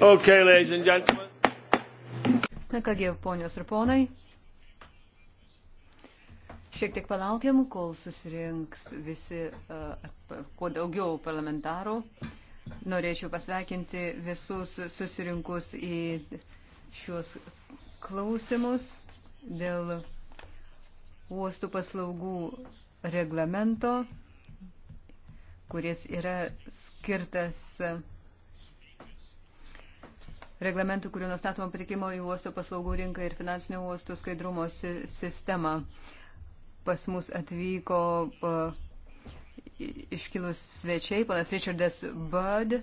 Okay, ladies and gentlemen. Na kągi, ponios ir ponai, šiek tiek palaukiam, kol susirinks visi, uh, kuo daugiau parlamentarų. Norėčiau pasveikinti visus susirinkus į šios klausimus dėl uostų paslaugų reglamento, kuris yra skirtas reglamentų, kuriuo nustatoma patikimo į uosto paslaugų rinką ir finansinio uostų skaidrumo sistemą. Pas mus atvyko uh, iškilus svečiai, panas Richardas Bud,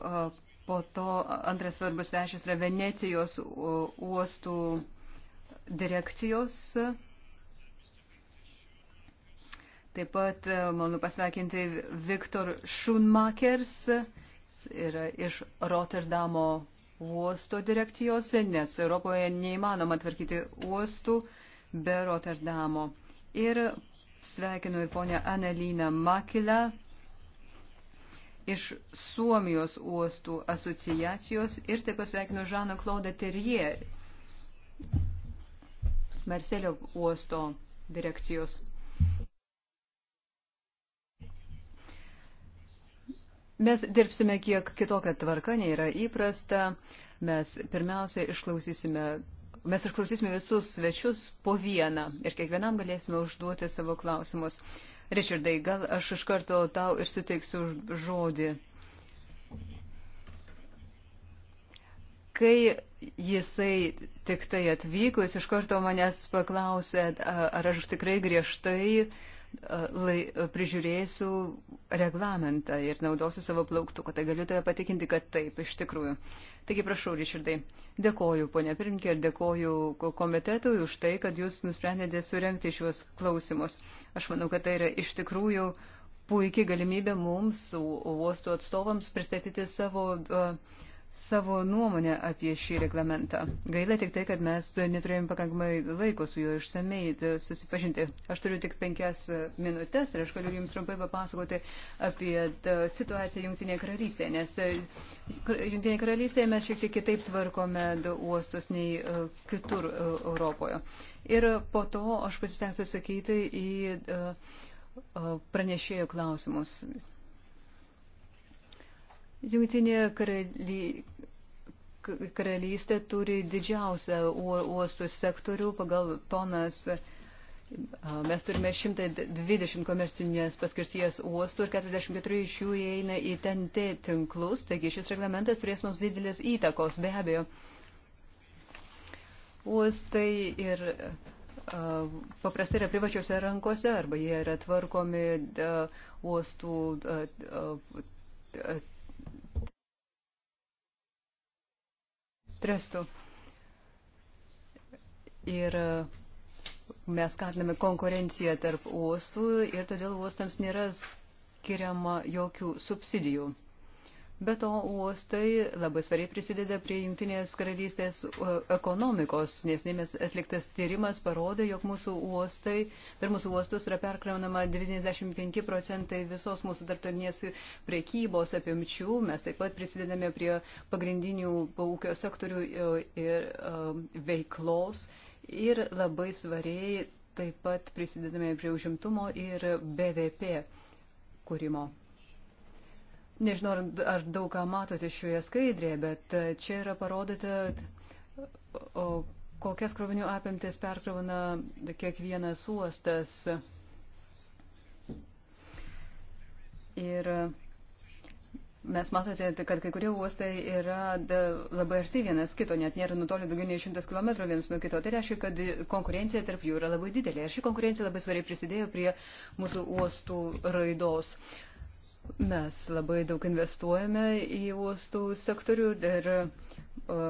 uh, po to antras svarbus svečias yra Venecijos uostų. Uh, direkcijos. Taip pat e, malonu pasveikinti Viktor Šunmakers, yra iš Rotterdamo uosto direkcijos, nes Europoje neįmanoma tvarkyti uostų be Rotterdamo. Ir sveikinu ir ponę Aneliną Makilę iš Suomijos uostų asociacijos ir taip pat sveikinu Žaną Klaudą Terjė Marselio uosto direkcijos. Mes dirbsime kiek kitokią tvarką, nei yra įprasta. Mes pirmiausia išklausysime, mes išklausysime visus svečius po vieną ir kiekvienam galėsime užduoti savo klausimus. Richardai, gal aš iš karto tau ir suteiksiu žodį. Kai jisai tik tai atvyko, jis iš karto manęs paklausė, ar aš tikrai griežtai lai, prižiūrėsiu reglamentą ir naudosiu savo plauktuką. Tai galiu tave patikinti, kad taip, iš tikrųjų. Taigi prašau, Ričardai, dėkoju, ponia pirmininkė, ir dėkoju komitetui už tai, kad jūs nusprendėte surenkti šiuos klausimus. Aš manau, kad tai yra iš tikrųjų puikiai galimybė mums, uostų atstovams, pristatyti savo uh, savo nuomonę apie šį reglamentą. Gaila tik tai, kad mes neturėjom pakankamai laiko su juo išsamei e, susipažinti. Aš turiu tik penkias e, minutės ir aš galiu Jums trumpai papasakoti apie e, situaciją Junktinėje karalystėje, nes Junktinėje karalystėje mes šiek tiek kitaip tvarkome uostus nei kitur Europoje. Ir po to aš pasistengsiu sakyti į pranešėjų klausimus. Jungtinė karaly... karalystė turi didžiausią uostų sektorių pagal tonas. Mes turime 120 komercinės paskirties uostų ir 44 iš jų įeina į TNT tinklus, taigi šis reglamentas turės mums didelės įtakos, be abejo. Uostai ir paprastai yra privačiose rankose arba jie yra tvarkomi uostų Trestu. Ir e, mes skatiname konkurenciją tarp uostų ir todėl uostams nėra skiriama jokių subsidijų. Be to, uostai labai svariai prisideda prie jungtinės karalystės e, ekonomikos, nes nėmės atliktas tyrimas parodė, jog mūsų uostai, per mūsų uostus yra perkraunama 95 procentai visos mūsų tarptautinės priekybos apimčių. Mes taip pat prisidedame prie pagrindinių ūkio sektorių e, ir e, veiklos ir labai svariai taip pat prisidedame prie užimtumo ir BVP kūrimo. Nežinau, ar daug ką matote šioje skaidrėje, bet e, čia yra parodyta, kokias krovinių apimtis perkrauna kiekvienas uostas. Ir e, mes matote, kad kai kurie uostai yra labai arti vienas kito, net nėra nutolę daugiau nei šimtas kilometrų vienas nuo kito. Tai reiškia, kad konkurencija tarp jų yra labai didelė. Ir ši konkurencija labai svariai prisidėjo prie mūsų uostų raidos. Uh, Mes labai daug investuojame į uostų sektorių ir uh,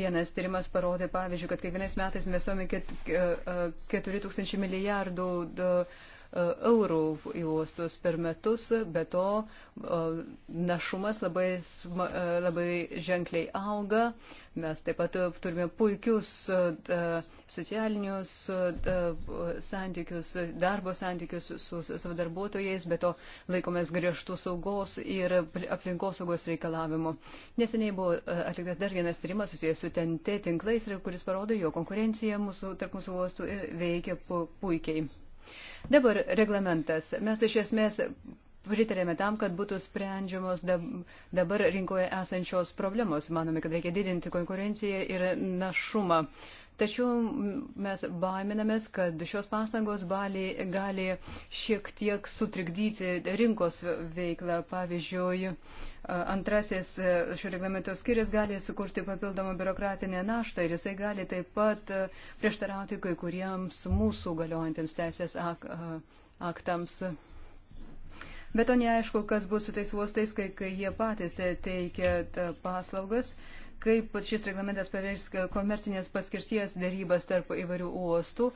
vienas tyrimas parodė, pavyzdžiui, kad kiekvienais metais investuojame 4 tūkstančių milijardų uh, E, eurų į uostus per metus, bet to e, našumas labai, e, labai ženkliai auga. Mes taip pat turime puikius socialinius santykius, darbo santykius su savo darbuotojais, bet to laikomės griežtų saugos ir aplinkosaugos reikalavimų. Neseniai buvo atliktas dar vienas tyrimas susijęs su TNT tinklais, kuris parodo, jo konkurencija mūsų, tarp mūsų uostų veikia puikiai. Dabar reglamentas. Mes iš esmės pritarėme tam, kad būtų sprendžiamos dabar rinkoje esančios problemos. Manome, kad reikia didinti konkurenciją ir našumą. Uh, Tačiau mes baiminamės, kad šios pastangos gali, gali šiek tiek sutrikdyti rinkos veiklą. Pavyzdžiui, antrasis šio reglamento skiris gali sukurti papildomą biurokratinę naštą ir jisai gali taip pat prieštarauti kai kuriems mūsų galiojantiems teisės ak aktams. Bet to neaišku, kas bus su tais uostais, kai, kai jie patys teikia e, paslaugas. Uh, kaip šis reglamentas paveiks komercinės paskirties darybas tarp įvairių uostų,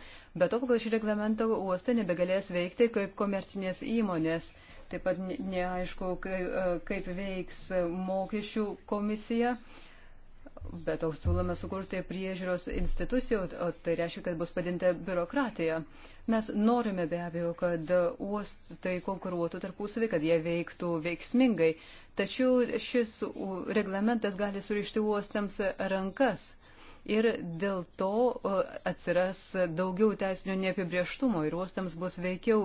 bet to pagal šį reglamentą uostai nebegalės veikti kaip komercinės įmonės. Taip pat neaišku, e, kaip veiks mokesčių komisija Bet to siūlome sukurti priežiūros institucijų, o tai reiškia, kad bus padinta biurokratija. Mes norime be abejo, kad uostai konkuruotų tarpusavį, kad jie veiktų veiksmingai, tačiau šis reglamentas gali surišti uostams rankas. Ir dėl to atsiras daugiau teisinio neapibrieštumo ir uostams bus veikiau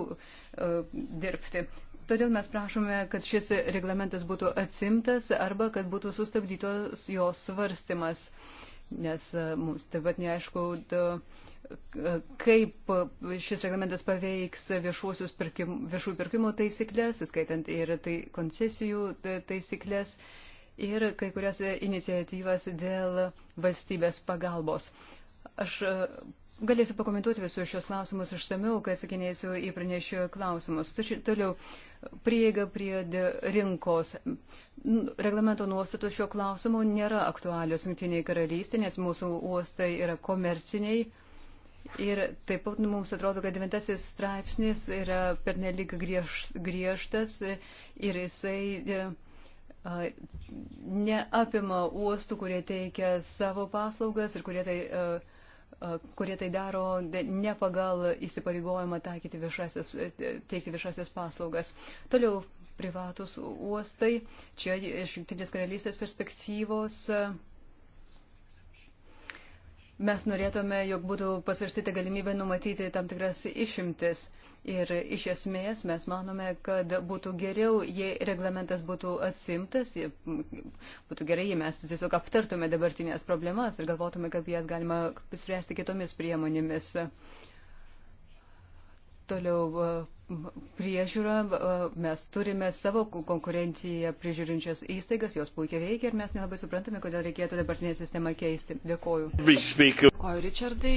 dirbti. Todėl mes prašome, kad šis reglamentas būtų atsimtas arba kad būtų sustabdytos jo svarstymas, nes e, mums taip pat neaišku, kaip šis reglamentas paveiks viešuosius pirkim, viešų pirkimų taisyklės, skaitant ir tai koncesijų taisyklės ir kai kurias iniciatyvas dėl valstybės pagalbos. Aš e, galėsiu pakomentuoti visus šios klausimus išsamiau, kai atsakinėsiu į pranešio klausimus. Tačiau toliau prieiga prie rinkos. Reglamento nuostatų šio klausimu nėra aktualios jungtiniai karalystė, nes mūsų uostai yra komerciniai. Ir taip pat nu, mums atrodo, kad devintasis straipsnis yra pernelyg griež, griežtas ir jisai e, neapima uostų, kurie teikia savo paslaugas ir kurie tai. Uh, kurie tai daro ne pagal įsipareigojimą taikyti viešasias, e, teikti viešasias paslaugas. Toliau privatus uostai, čia iš Junktinės karalystės perspektyvos. Uh, Mes norėtume, jog būtų pasvarstyta galimybė numatyti tam tikras išimtis. Ir iš esmės mes manome, kad būtų geriau, jei reglamentas būtų atsimtas, būtų gerai, jei mes tiesiog aptartume dabartinės problemas ir galvotume, kaip jas galima spręsti kitomis priemonėmis. Uh, Toliau priežiūra, mes turime savo konkurenciją prižiūrinčias įstaigas, jos puikiai veikia ir mes nelabai suprantame, kodėl reikėtų dabartinę sistemą keisti. Dėkoju. Dėkoju, Richardai.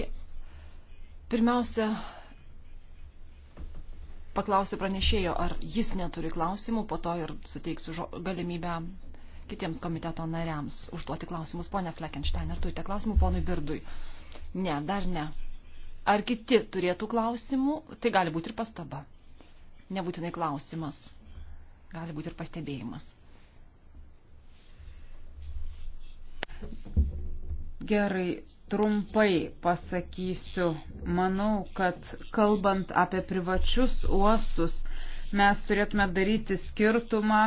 Pirmiausia, paklausiu pranešėjo, ar jis neturi klausimų, po to ir suteiksiu galimybę kitiems komiteto nariams užduoti klausimus. Pone Fleckenstein, ar turite klausimų ponui Birdui? Ne, dar ne. Ar kiti turėtų klausimų? Tai gali būti ir pastaba. Nebūtinai klausimas. Gali būti ir pastebėjimas. Gerai, trumpai pasakysiu. Manau, kad kalbant apie privačius uostus, mes turėtume daryti skirtumą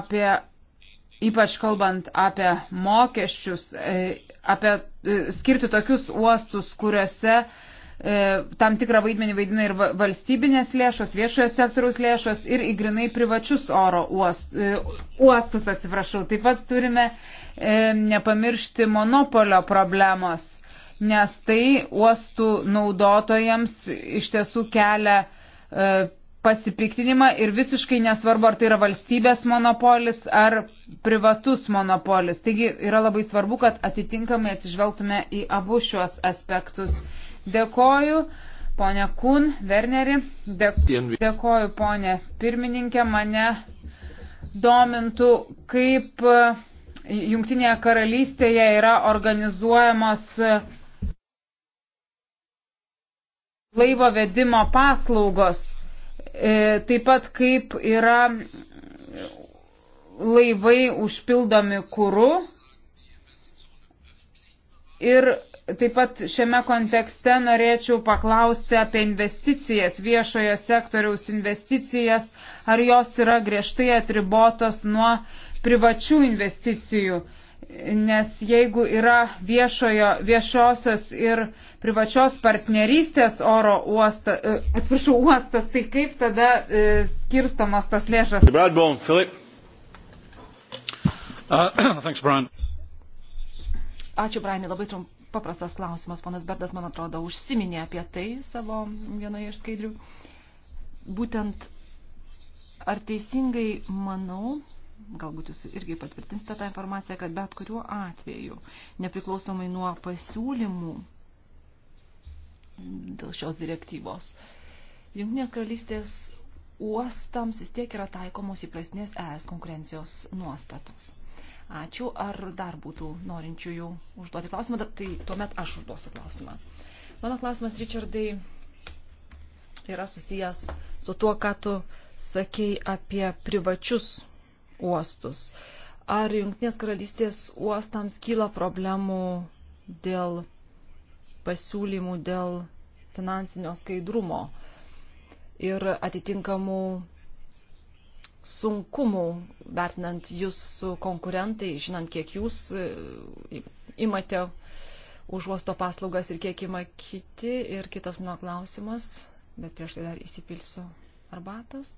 apie ypač kalbant apie mokesčius, e, apie e, skirti tokius uostus, kuriuose e, tam tikrą vaidmenį vaidina ir valstybinės lėšos, viešojo sektoriaus lėšos ir įgrinai privačius oro uost, uostus, atsiprašau. Taip pat turime nepamiršti monopolio problemos, nes tai uostų naudotojams iš tiesų kelia pasipiktinimą ir visiškai nesvarbu, ar tai yra valstybės monopolis ar privatus monopolis. Taigi yra labai svarbu, kad atitinkamai atsižvelgtume į abu šiuos aspektus. Dėkoju, ponė Kun, Werneri, dėkoju, ponė pirmininkė, mane domintų, kaip e, Jungtinėje karalystėje yra organizuojamos e, laivo vedimo paslaugos. E, taip pat kaip yra laivai užpildomi kūru. Ir taip pat šiame kontekste norėčiau paklausti apie investicijas, viešojo sektoriaus investicijas, ar jos yra griežtai atribotos nuo privačių investicijų nes jeigu yra viešojo, viešosios ir privačios partnerystės oro uostas, e, atsiprašau, uostas, tai kaip tada e, skirstomas tas lėšas? Bradbourne, Philip. Uh, thanks, Brian. Ačiū, Brian, labai trump, paprastas klausimas. Ponas Berdas, man atrodo, užsiminė apie tai savo vienoje iš skaidrių. Būtent, ar teisingai manau, galbūt jūs irgi patvirtinsite tą informaciją, kad bet kuriuo atveju, nepriklausomai nuo pasiūlymų dėl šios direktyvos, Junktinės karalystės uostams vis tiek yra taikomos įprastinės ES konkurencijos nuostatos. Ačiū. Ar dar būtų norinčiųjų užduoti klausimą? Tai tuomet aš užduosiu klausimą. Mano klausimas, Richardai, yra susijęs su tuo, ką tu sakei apie privačius uostus. Ar Junktinės karalystės uostams kyla problemų dėl pasiūlymų, dėl finansinio skaidrumo ir atitinkamų sunkumų, vertinant jūs su konkurentai, žinant, kiek jūs e, imate už uosto paslaugas ir kiek ima kiti. Ir kitas mano klausimas, bet prieš tai dar įsipilsiu arbatos.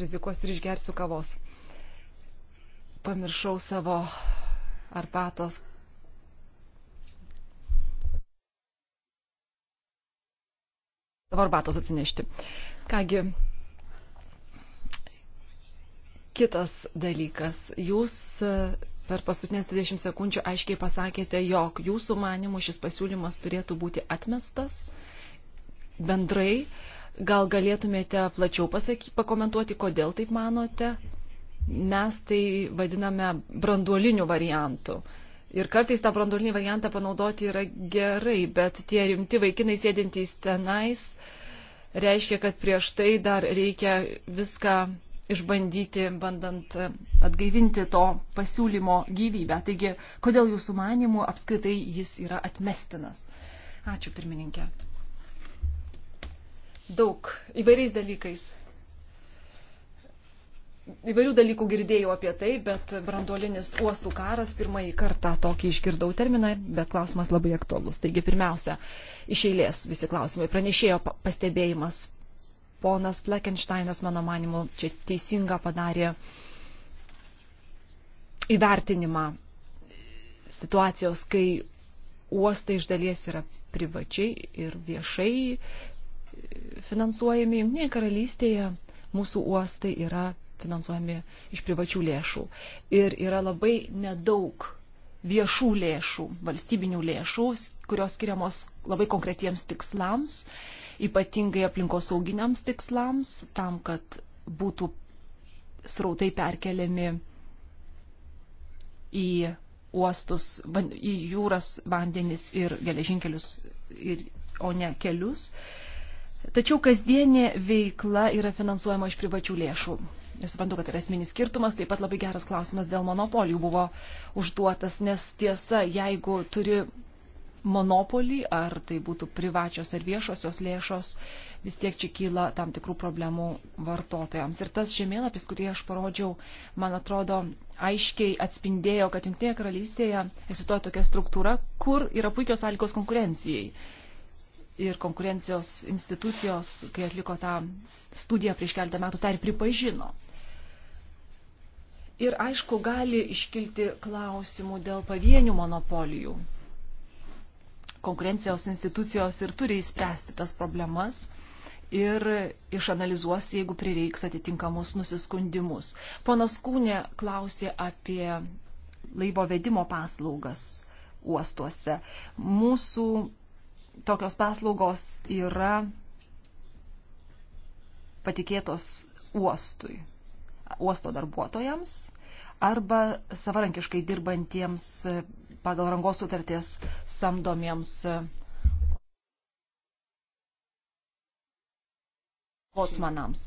rizikuosiu ir išgersiu kavos. Pamiršau savo arbatos. Savo arbatos atsinešti. Kągi, kitas dalykas. Jūs e, per paskutinės 30 sekundžių aiškiai pasakėte, jog jūsų manimų šis pasiūlymas turėtų būti atmestas bendrai. Uh, Gal galėtumėte plačiau pasaky, pakomentuoti, kodėl taip manote? Mes tai vadiname branduoliniu variantu. Ir kartais tą branduolinį variantą panaudoti yra gerai, bet tie rimti vaikinai sėdintys tenais reiškia, kad prieš tai dar reikia viską išbandyti, bandant atgaivinti to pasiūlymo gyvybę. Taigi, kodėl jūsų manimų apskritai jis yra atmestinas? Ačiū pirmininkė daug įvairiais dalykais. Įvairių dalykų girdėjau apie tai, bet brandolinis uostų karas pirmąjį kartą tokį išgirdau terminą, bet klausimas labai aktuolus. Taigi pirmiausia, iš eilės visi klausimai. Pranešėjo pastebėjimas. Ponas Fleckensteinas, mano manimu, čia teisinga padarė įvertinimą situacijos, kai uostai iš dalies yra privačiai ir viešai finansuojami. Jungtinėje karalystėje mūsų uostai yra finansuojami iš privačių lėšų. Ir yra labai nedaug viešų lėšų, valstybinių lėšų, kurios skiriamos labai konkretiems tikslams, ypatingai aplinkosauginiams tikslams, tam, kad būtų srautai perkeliami į uostus, į jūras, vandenis ir geležinkelius, ir, o ne kelius. Uh, Tačiau kasdienė veikla yra finansuojama iš privačių lėšų. Ir suprantu, kad tai yra esminis skirtumas, taip pat labai geras klausimas dėl monopolijų buvo užduotas, nes tiesa, jeigu turi monopolį, ar tai būtų privačios ar viešosios lėšos, vis tiek čia kyla tam tikrų problemų vartotojams. Ir tas žemėlapis, kurį aš parodžiau, man atrodo, aiškiai atspindėjo, kad Junktinėje karalystėje egzistuoja tokia struktūra, kur yra puikios sąlygos konkurencijai ir konkurencijos institucijos, kai atliko tą studiją prieš keletą metų, tą ir pripažino. Ir aišku, gali iškilti klausimų dėl pavienių monopolijų. Konkurencijos institucijos ir turi įspręsti tas problemas ir išanalizuos, jeigu prireiks atitinkamus nusiskundimus. Ponas Kūnė klausė apie laivo vedimo paslaugas uostuose. Mūsų tokios paslaugos yra patikėtos uostui, uosto darbuotojams arba savarankiškai dirbantiems e, pagal rangos sutarties samdomiems e, botsmanams.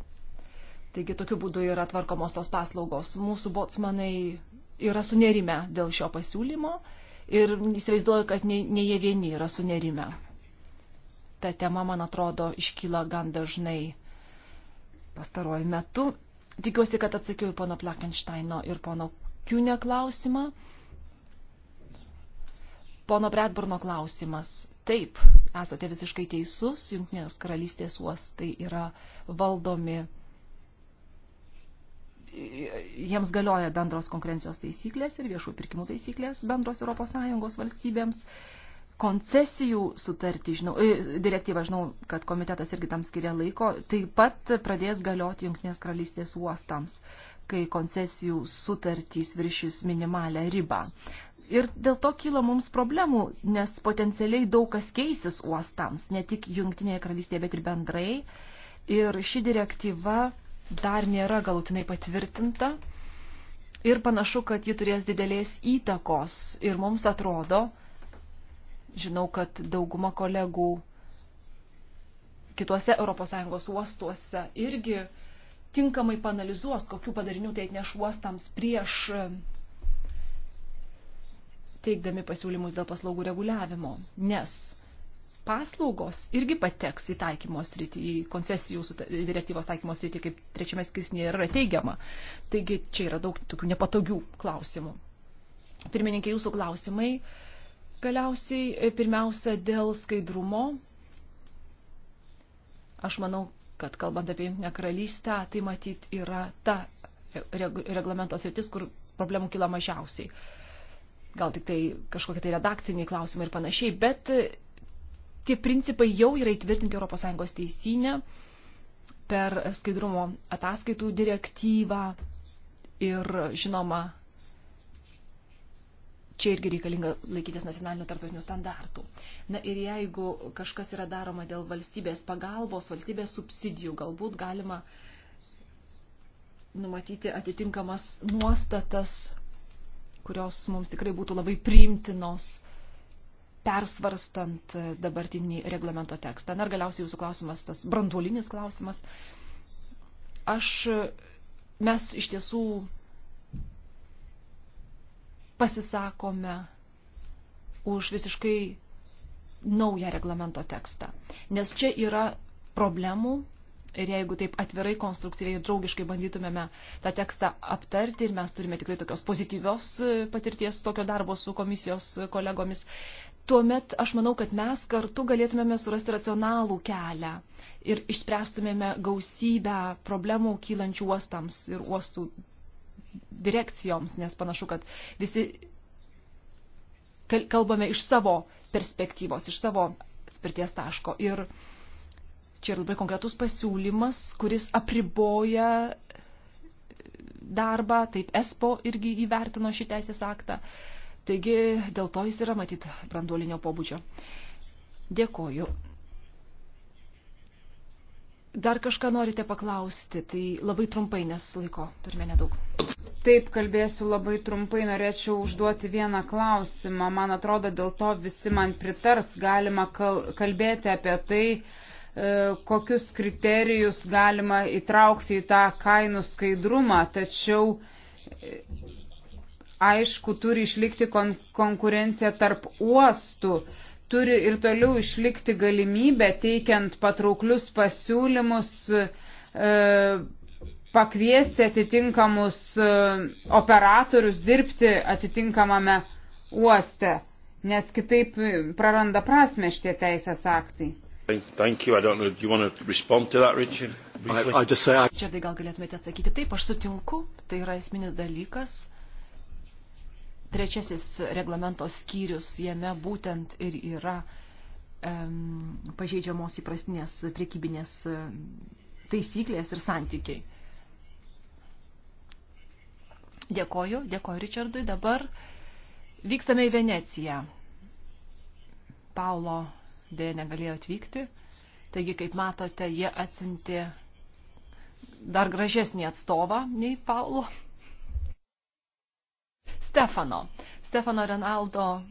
Taigi tokiu būdu yra tvarkomos tos paslaugos. Mūsų botsmanai yra sunerime dėl šio pasiūlymo ir įsivaizduoju, kad ne, ne jie vieni yra sunerime ta tema, man atrodo, iškyla gan dažnai pastaruoju metu. Tikiuosi, kad atsakiau į pono Plakensteino ir pono Kiūnė klausimą. Pono Bredburno klausimas. Taip, esate visiškai teisus, Junktinės karalystės uostai yra valdomi, jiems galioja bendros konkurencijos taisyklės ir viešų pirkimų taisyklės bendros ES valstybėms koncesijų sutartį, žinau, e, direktyvą, žinau, kad komitetas irgi tam skiria laiko, taip pat pradės galioti Junktinės karalystės uostams, kai koncesijų sutartys viršys minimalę ribą. Ir dėl to kyla mums problemų, nes potencialiai daug kas keisis uostams, ne tik Junktinėje karalystėje, bet ir bendrai. Ir ši direktyva dar nėra galutinai patvirtinta. Ir panašu, kad ji turės didelės įtakos. Ir mums atrodo, Žinau, kad dauguma kolegų kituose ES uostuose irgi tinkamai panalizuos, kokių padarinių tai atneš uostams prieš e, teikdami pasiūlymus dėl paslaugų reguliavimo, nes paslaugos irgi pateks į taikymos rytį, į koncesijų direktyvos taikymos rytį, kaip trečiame skirsnėje yra teigiama. Taigi čia yra daug tokių nepatogių klausimų. Pirmininkai, jūsų klausimai Galiausiai, e, pirmiausia, dėl skaidrumo. Aš manau, kad kalbant apie Junktinę karalystę, tai matyt yra ta reglamentos rytis, kur problemų kila mažiausiai. Gal tik tai kažkokie tai redakciniai klausimai ir panašiai, bet e, tie principai jau yra įtvirtinti ES teisinę per skaidrumo ataskaitų direktyvą ir žinoma čia irgi reikalinga laikytis nacionalinių tarptautinių standartų. Na ir jeigu kažkas yra daroma dėl valstybės pagalbos, valstybės subsidijų, galbūt galima numatyti atitinkamas nuostatas, kurios mums tikrai būtų labai priimtinos persvarstant dabartinį reglamento tekstą. Na ir galiausiai jūsų klausimas, tas branduolinis klausimas. Aš, mes iš tiesų pasisakome už visiškai naują reglamento tekstą. Nes čia yra problemų ir jeigu taip atvirai, konstruktyviai ir draugiškai bandytumėme tą tekstą aptarti ir mes turime tikrai tokios pozityvios e, patirties tokio darbo su komisijos kolegomis, tuomet aš manau, kad mes kartu galėtumėme surasti racionalų kelią ir išspręstumėme gausybę problemų kylančių uostams ir uostų direkcijoms, nes panašu, kad visi kalbame iš savo perspektyvos, iš savo atspirties taško. Ir čia yra labai konkretus pasiūlymas, kuris apriboja darbą, taip ESPO irgi įvertino šį teisės aktą. Taigi dėl to jis yra matyt branduolinio pobūdžio. Dėkoju. Dar kažką norite paklausti, tai labai trumpai, nes laiko turime nedaug. Taip, kalbėsiu labai trumpai, norėčiau užduoti vieną klausimą. Man atrodo, dėl to visi man pritars, galima kal kalbėti apie tai, e, kokius kriterijus galima įtraukti į tą kainų skaidrumą, tačiau e, aišku, turi išlikti kon konkurencija tarp uostų. E, turi ir toliau išlikti galimybę, teikiant patrauklius pasiūlymus, e, pakviesti atitinkamus e, operatorius dirbti atitinkamame uoste, nes kitaip praranda prasme šitie teisės aktai. Thank you. I don't know. Do you want to respond to that, Richard? Briefly? I, I just say I... Čia tai gal galėtumėte atsakyti. Taip, aš sutinku. Tai yra esminis dalykas. Uh, trečiasis reglamentos skyrius, jame būtent ir yra um, pažeidžiamos įprastinės priekybinės taisyklės ir santykiai. Dėkoju, dėkoju Richardui. Dabar vykstame į Veneciją. Paulo dėja negalėjo atvykti, taigi, kaip matote, jie atsiuntė dar gražesnį atstovą nei Paulo. Stefano. Stefano Renaldo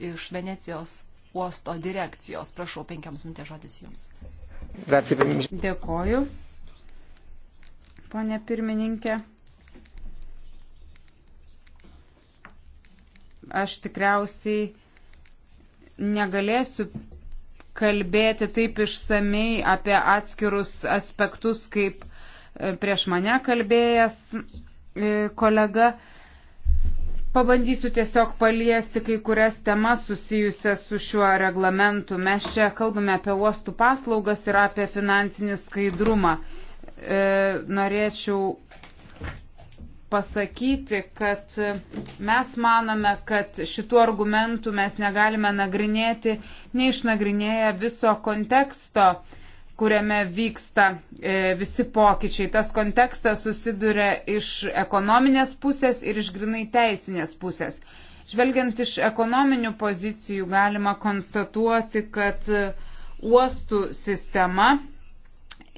iš Venecijos uosto direkcijos. Prašau, penkiams minutės žodis jums. Dėkoju, ponė pirmininkė. Aš tikriausiai negalėsiu kalbėti taip išsamei apie atskirus aspektus, kaip e, prieš mane kalbėjęs e, kolega. Pabandysiu tiesiog paliesti kai kurias temas susijusias su šiuo reglamentu. Mes čia kalbame apie uostų paslaugas ir apie finansinį skaidrumą. E, norėčiau pasakyti, kad mes manome, kad šitų argumentų mes negalime nagrinėti, neišnagrinėję viso konteksto. E, kuriame vyksta e, visi pokyčiai. Tas kontekstas susiduria iš ekonominės pusės ir iš grinai teisinės pusės. Žvelgiant iš ekonominių pozicijų galima konstatuoti, kad e, uostų sistema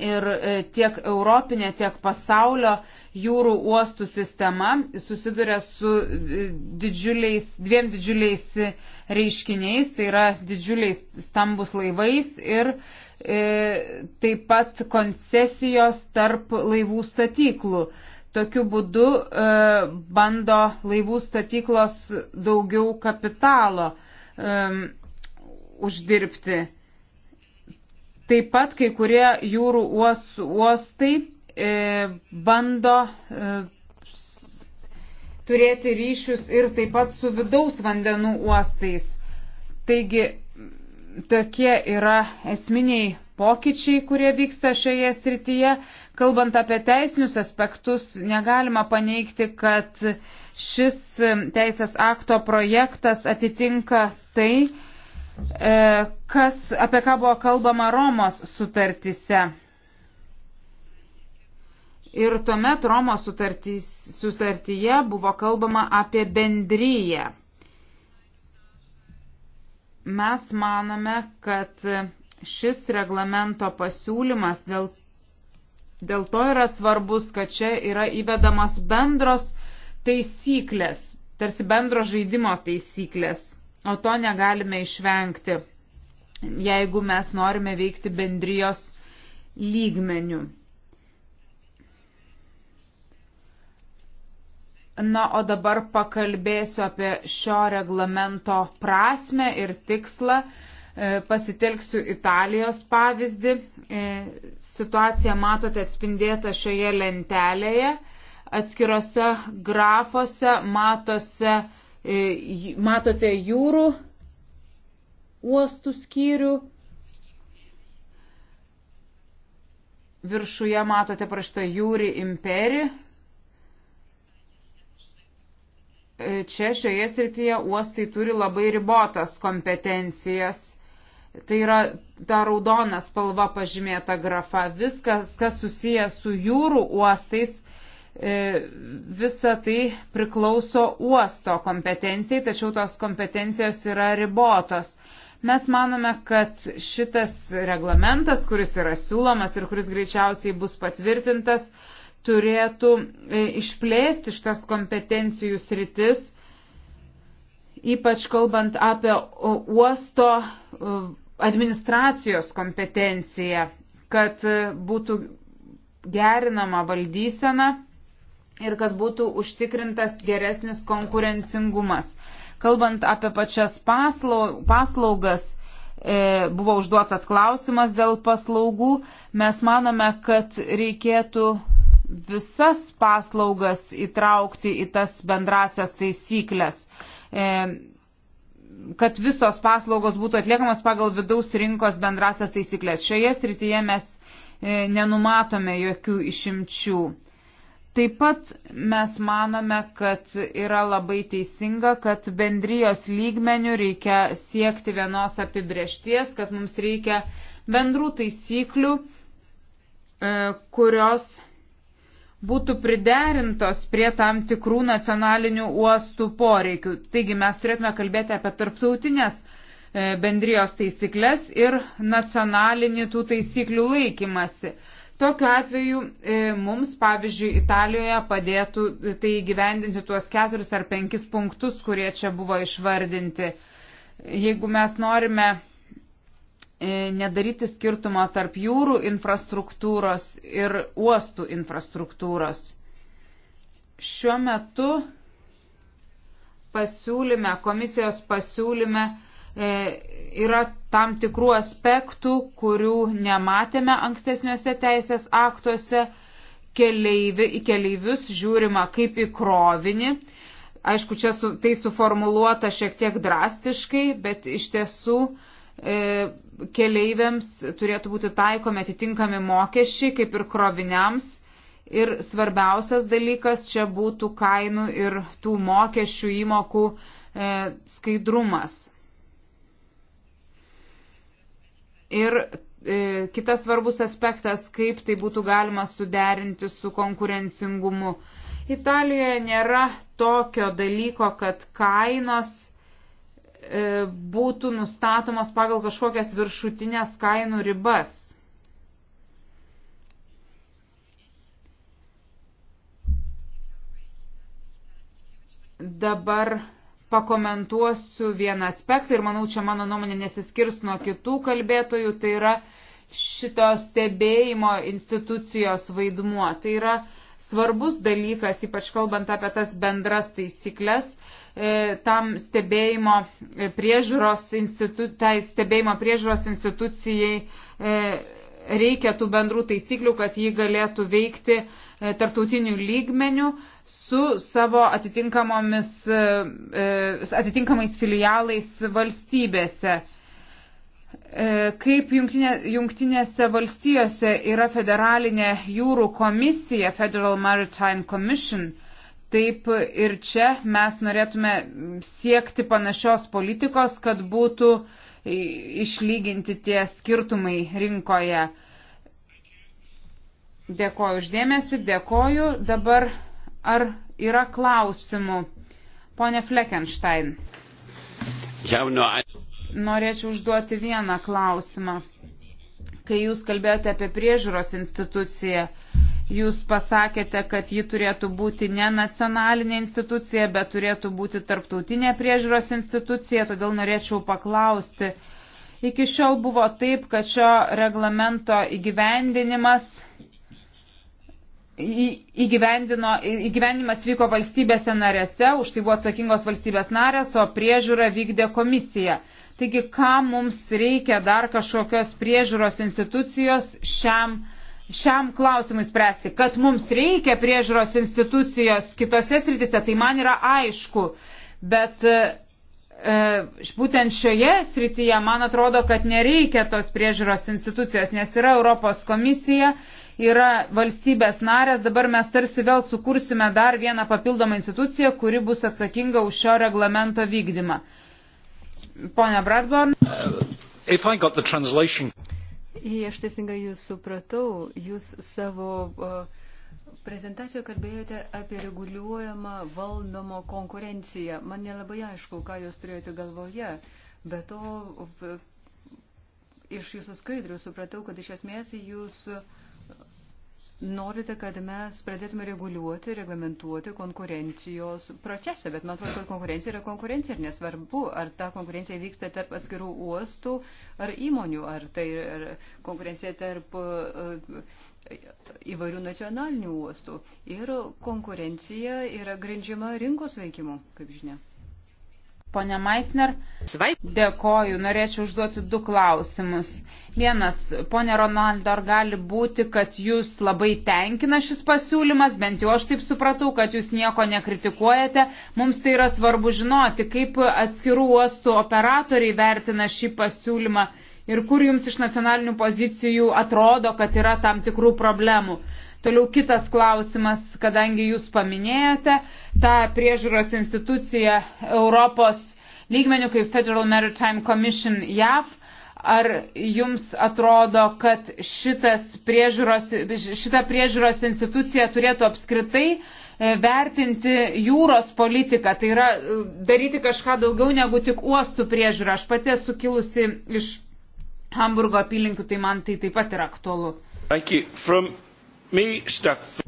ir e, tiek Europinė, tiek pasaulio jūrų uostų sistema susiduria su e, didžiuliais, dviem didžiuliais reiškiniais, tai yra didžiuliais stambus laivais ir E, taip pat koncesijos tarp laivų statyklų. Tokiu būdu e, bando laivų statyklos daugiau kapitalo e, uždirbti. Taip pat kai kurie jūrų uos, uostai e, bando e, turėti ryšius ir taip pat su vidaus vandenų uostais. Taigi tokie yra esminiai pokyčiai, kurie vyksta šioje srityje. Kalbant apie teisinius aspektus, negalima paneigti, kad šis teisės akto projektas atitinka tai, e, kas, apie ką buvo kalbama Romos sutartise. Ir tuomet Romos sutartys, sutartyje buvo kalbama apie bendryją. Mes manome, kad šis reglamento pasiūlymas dėl, dėl to yra svarbus, kad čia yra įvedamas bendros taisyklės, tarsi bendro žaidimo taisyklės, o to negalime išvengti, jeigu mes norime veikti bendrijos lygmenių. Na, o dabar pakalbėsiu apie šio reglamento prasme ir tikslą. E, pasitelksiu Italijos pavyzdį. E, situaciją matote atspindėta šioje lentelėje. Atskirose grafuose matose, e, matote jūrų uostų skyrių. Viršuje matote praštą jūrį imperi. čia šioje srityje uostai turi labai ribotas kompetencijas. Tai yra ta raudona spalva pažymėta grafa. Viskas, kas susiję su jūrų uostais, e, visa tai priklauso uosto kompetencijai, tačiau tos kompetencijos yra ribotos. Mes manome, kad šitas reglamentas, kuris yra siūlomas ir kuris greičiausiai bus patvirtintas, turėtų e, išplėsti šitas kompetencijų sritis, ypač kalbant apie uosto administracijos kompetenciją, kad e, būtų gerinama valdysena ir kad būtų užtikrintas geresnis konkurencingumas. Kalbant apie pačias paslaugas, e, buvo užduotas klausimas dėl paslaugų. Mes manome, kad reikėtų visas paslaugas įtraukti į tas bendrasias taisyklės, e, kad visos paslaugos būtų atliekamas pagal vidaus rinkos bendrasias taisyklės. Šioje srityje mes e, nenumatome jokių išimčių. Taip pat mes manome, kad yra labai teisinga, kad bendrijos lygmenių reikia siekti vienos apibriešties, kad mums reikia bendrų taisyklių, e, kurios būtų priderintos prie tam tikrų nacionalinių uostų poreikių. Taigi mes turėtume kalbėti apie tarptautinės e, bendrijos taisyklės ir nacionalinį tų taisyklių laikymasi. Tokiu atveju e, mums, pavyzdžiui, Italijoje padėtų e, tai gyvendinti tuos keturis ar penkis punktus, kurie čia buvo išvardinti. Jeigu mes norime E, nedaryti skirtumo tarp jūrų infrastruktūros ir uostų infrastruktūros. Šiuo metu pasiūlyme, komisijos pasiūlyme e, yra tam tikrų aspektų, kurių nematėme ankstesniuose teisės aktuose. Keleivi, į keleivius žiūrima kaip į krovinį. Aišku, čia su, tai suformuluota šiek tiek drastiškai, bet iš tiesų e, E, keleiviams turėtų būti taikomi atitinkami mokesčiai, kaip ir kroviniams. Ir svarbiausias dalykas čia būtų kainų ir tų mokesčių įmokų e, skaidrumas. Ir e, kitas svarbus aspektas, kaip tai būtų galima suderinti su konkurencingumu. Italijoje nėra tokio dalyko, kad kainos E, būtų nustatomas pagal kažkokias viršutinės kainų ribas. Dabar pakomentuosiu vieną aspektą ir manau, čia mano nuomonė nesiskirs nuo kitų kalbėtojų, tai yra šito stebėjimo institucijos vaidmuo. Tai yra svarbus dalykas, ypač kalbant apie tas bendras taisyklės, E, tam stebėjimo priežiūros, institu, tai stebėjimo priežiūros institucijai e, reikia tų bendrų taisyklių, kad ji galėtų veikti e, tarptautinių lygmenių su savo atitinkamais filialais valstybėse. Kaip jungtinė, jungtinėse valstijose yra federalinė jūrų komisija, Federal Maritime Commission, Taip ir čia mes norėtume siekti panašios politikos, kad būtų išlyginti tie skirtumai rinkoje. Dėkoju uždėmesi, dėkoju. Dabar ar yra klausimų? Pone Fleckenstein. Norėčiau užduoti vieną klausimą. Kai jūs kalbėjote apie priežiūros instituciją, Jūs pasakėte, kad ji turėtų būti ne nacionalinė institucija, bet turėtų būti tarptautinė priežiūros institucija, todėl norėčiau paklausti. Iki šiol buvo taip, kad šio reglamento įgyvendinimas įgyvendimas vyko valstybėse narėse, už tai buvo atsakingos valstybės narės, o priežiūrą vykdė komisija. Taigi, ką mums reikia dar kažkokios priežiūros institucijos šiam reglamentui? šiam klausimui spręsti. Kad mums reikia priežiūros institucijos kitose sritise, tai man yra aišku. Bet e, e, būtent šioje srityje man atrodo, kad nereikia tos priežiūros institucijos, nes yra Europos komisija, yra valstybės narės, dabar mes tarsi vėl sukursime dar vieną papildomą instituciją, kuri bus atsakinga už šio reglamento vykdymą. Pone Bradburn. Uh, Jei aš teisingai jūs supratau, jūs savo prezentacijoje kalbėjote apie reguliuojamą valdomą konkurenciją. Man nelabai aišku, ką jūs turėjote galvoje. Be to, iš jūsų skaidrių supratau, kad iš esmės jūs uh, norite, kad mes pradėtume reguliuoti, reglamentuoti konkurencijos procesą, bet man atrodo, kad konkurencija yra konkurencija ir nesvarbu, ar ta konkurencija vyksta tarp atskirų uostų ar įmonių, ar tai yra konkurencija tarp e, įvairių nacionalinių uostų. Ir konkurencija yra grindžiama rinkos veikimu, kaip žinia. Pone Maisner, dėkoju. Norėčiau užduoti du klausimus. Vienas, ponė Ronaldo, ar gali būti, kad jūs labai tenkina šis pasiūlymas, bent jau aš taip supratau, kad jūs nieko nekritikuojate. Mums tai yra svarbu žinoti, kaip atskirų uostų operatoriai vertina šį pasiūlymą ir kur jums iš nacionalinių pozicijų atrodo, kad yra tam tikrų problemų. Toliau kitas klausimas, kadangi jūs paminėjote tą priežiūros instituciją Europos lygmenių kaip Federal Maritime Commission JAV. Ar jums atrodo, kad priežiūros, šita priežiūros institucija turėtų apskritai e, vertinti jūros politiką, tai yra e, daryti kažką daugiau negu tik uostų priežiūrą. Aš pati esu kilusi iš Hamburgo apylinkių, tai man tai taip pat yra aktualu. Thank you. From Me, Steph.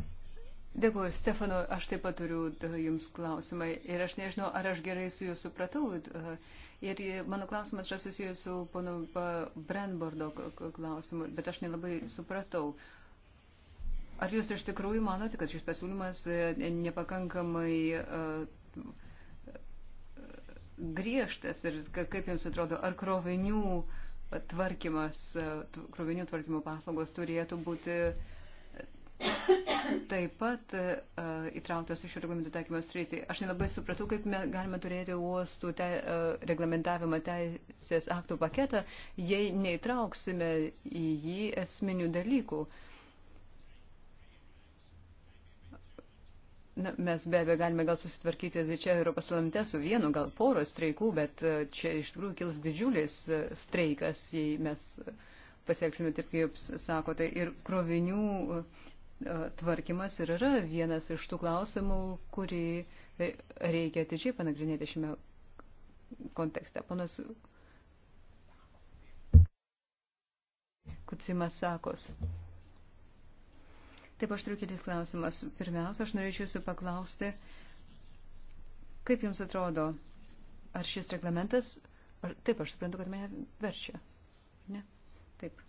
Dėkuoju, Stefano, aš taip pat turiu e, Jums klausimą ir aš nežinau, ar aš gerai su Jūsų supratau. E, ir mano klausimas yra susijęs su pono Brandbordo klausimu, bet aš nelabai supratau. Ar Jūs iš tikrųjų manote, kad šis pasiūlymas e, nepakankamai griežtas ir kaip Jums atrodo, ar krovinių tvarkymas, krovinių tvarkymo paslaugos turėtų būti taip pat uh, e, e, įtrauktos į šio reglamento taikymo sritį. Aš nelabai supratau, kaip me, galima turėti uostų te, uh, e, reglamentavimo teisės aktų paketą, jei neįtrauksime į jį esminių dalykų. Na, mes be abejo galime gal susitvarkyti tai čia Europos parlamente su vienu, gal poros streikų, bet čia iš tikrųjų kils didžiulis streikas, jei mes pasieksime taip, kaip sakote, ir krovinių E, tvarkymas ir yra vienas iš tų klausimų, kurį e, reikia atidžiai panagrinėti šiame kontekste. Panas Kucimas sakos. Taip, aš turiu kelis klausimas. Pirmiausia, aš norėčiau jūsų paklausti, kaip jums atrodo, ar šis reglamentas, ar, taip, aš suprantu, kad mane verčia. Ne? Taip.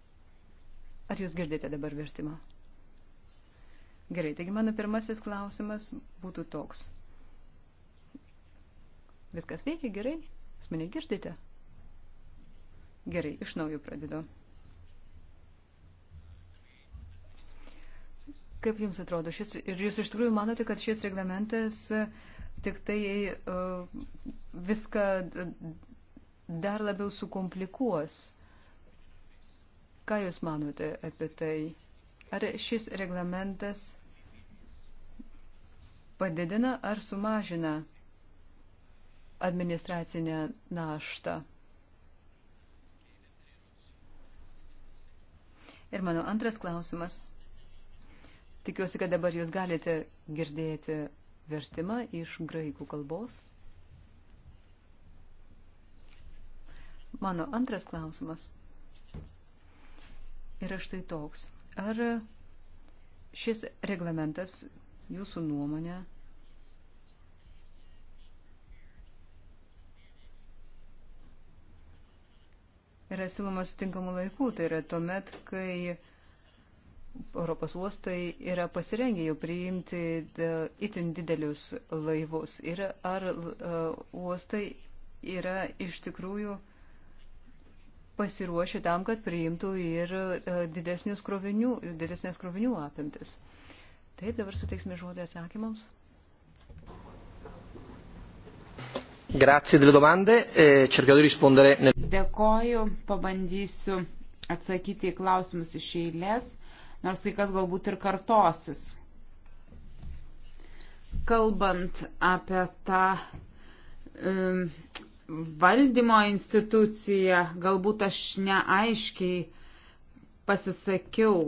Ar jūs girdite dabar vertimą? Gerai, taigi mano pirmasis klausimas būtų toks. Viskas veikia gerai? Jūs mane girdite? Gerai, iš naujo pradedu. Kaip jums atrodo, šis, ir jūs iš tikrųjų manote, kad šis reglamentas tik tai uh, viską dar labiau sukomplikuos? Ką jūs manote apie tai? Ar šis reglamentas padidina ar sumažina administracinę naštą? Ir mano antras klausimas. Tikiuosi, kad dabar jūs galite girdėti vertimą iš graikų kalbos. Mano antras klausimas yra štai toks. Ar šis reglamentas jūsų nuomonė yra siūlomas tinkamu laiku, tai yra tuomet, kai Europos uostai yra pasirengę jau priimti e, itin didelius laivus ir ar e, uostai yra iš tikrųjų uh, pasiruošę tam, kad priimtų ir e, didesnius krovinių, didesnės krovinių apimtis. Taip, dabar suteiksime žodį atsakymams. Grazie delle domande, eh, cercherò di rispondere. Nel... Dėkoju, pabandysiu atsakyti į klausimus iš eilės, nors kai kas galbūt ir kartosis. Kalbant apie tą um, valdymo institucija, galbūt aš neaiškiai pasisakiau.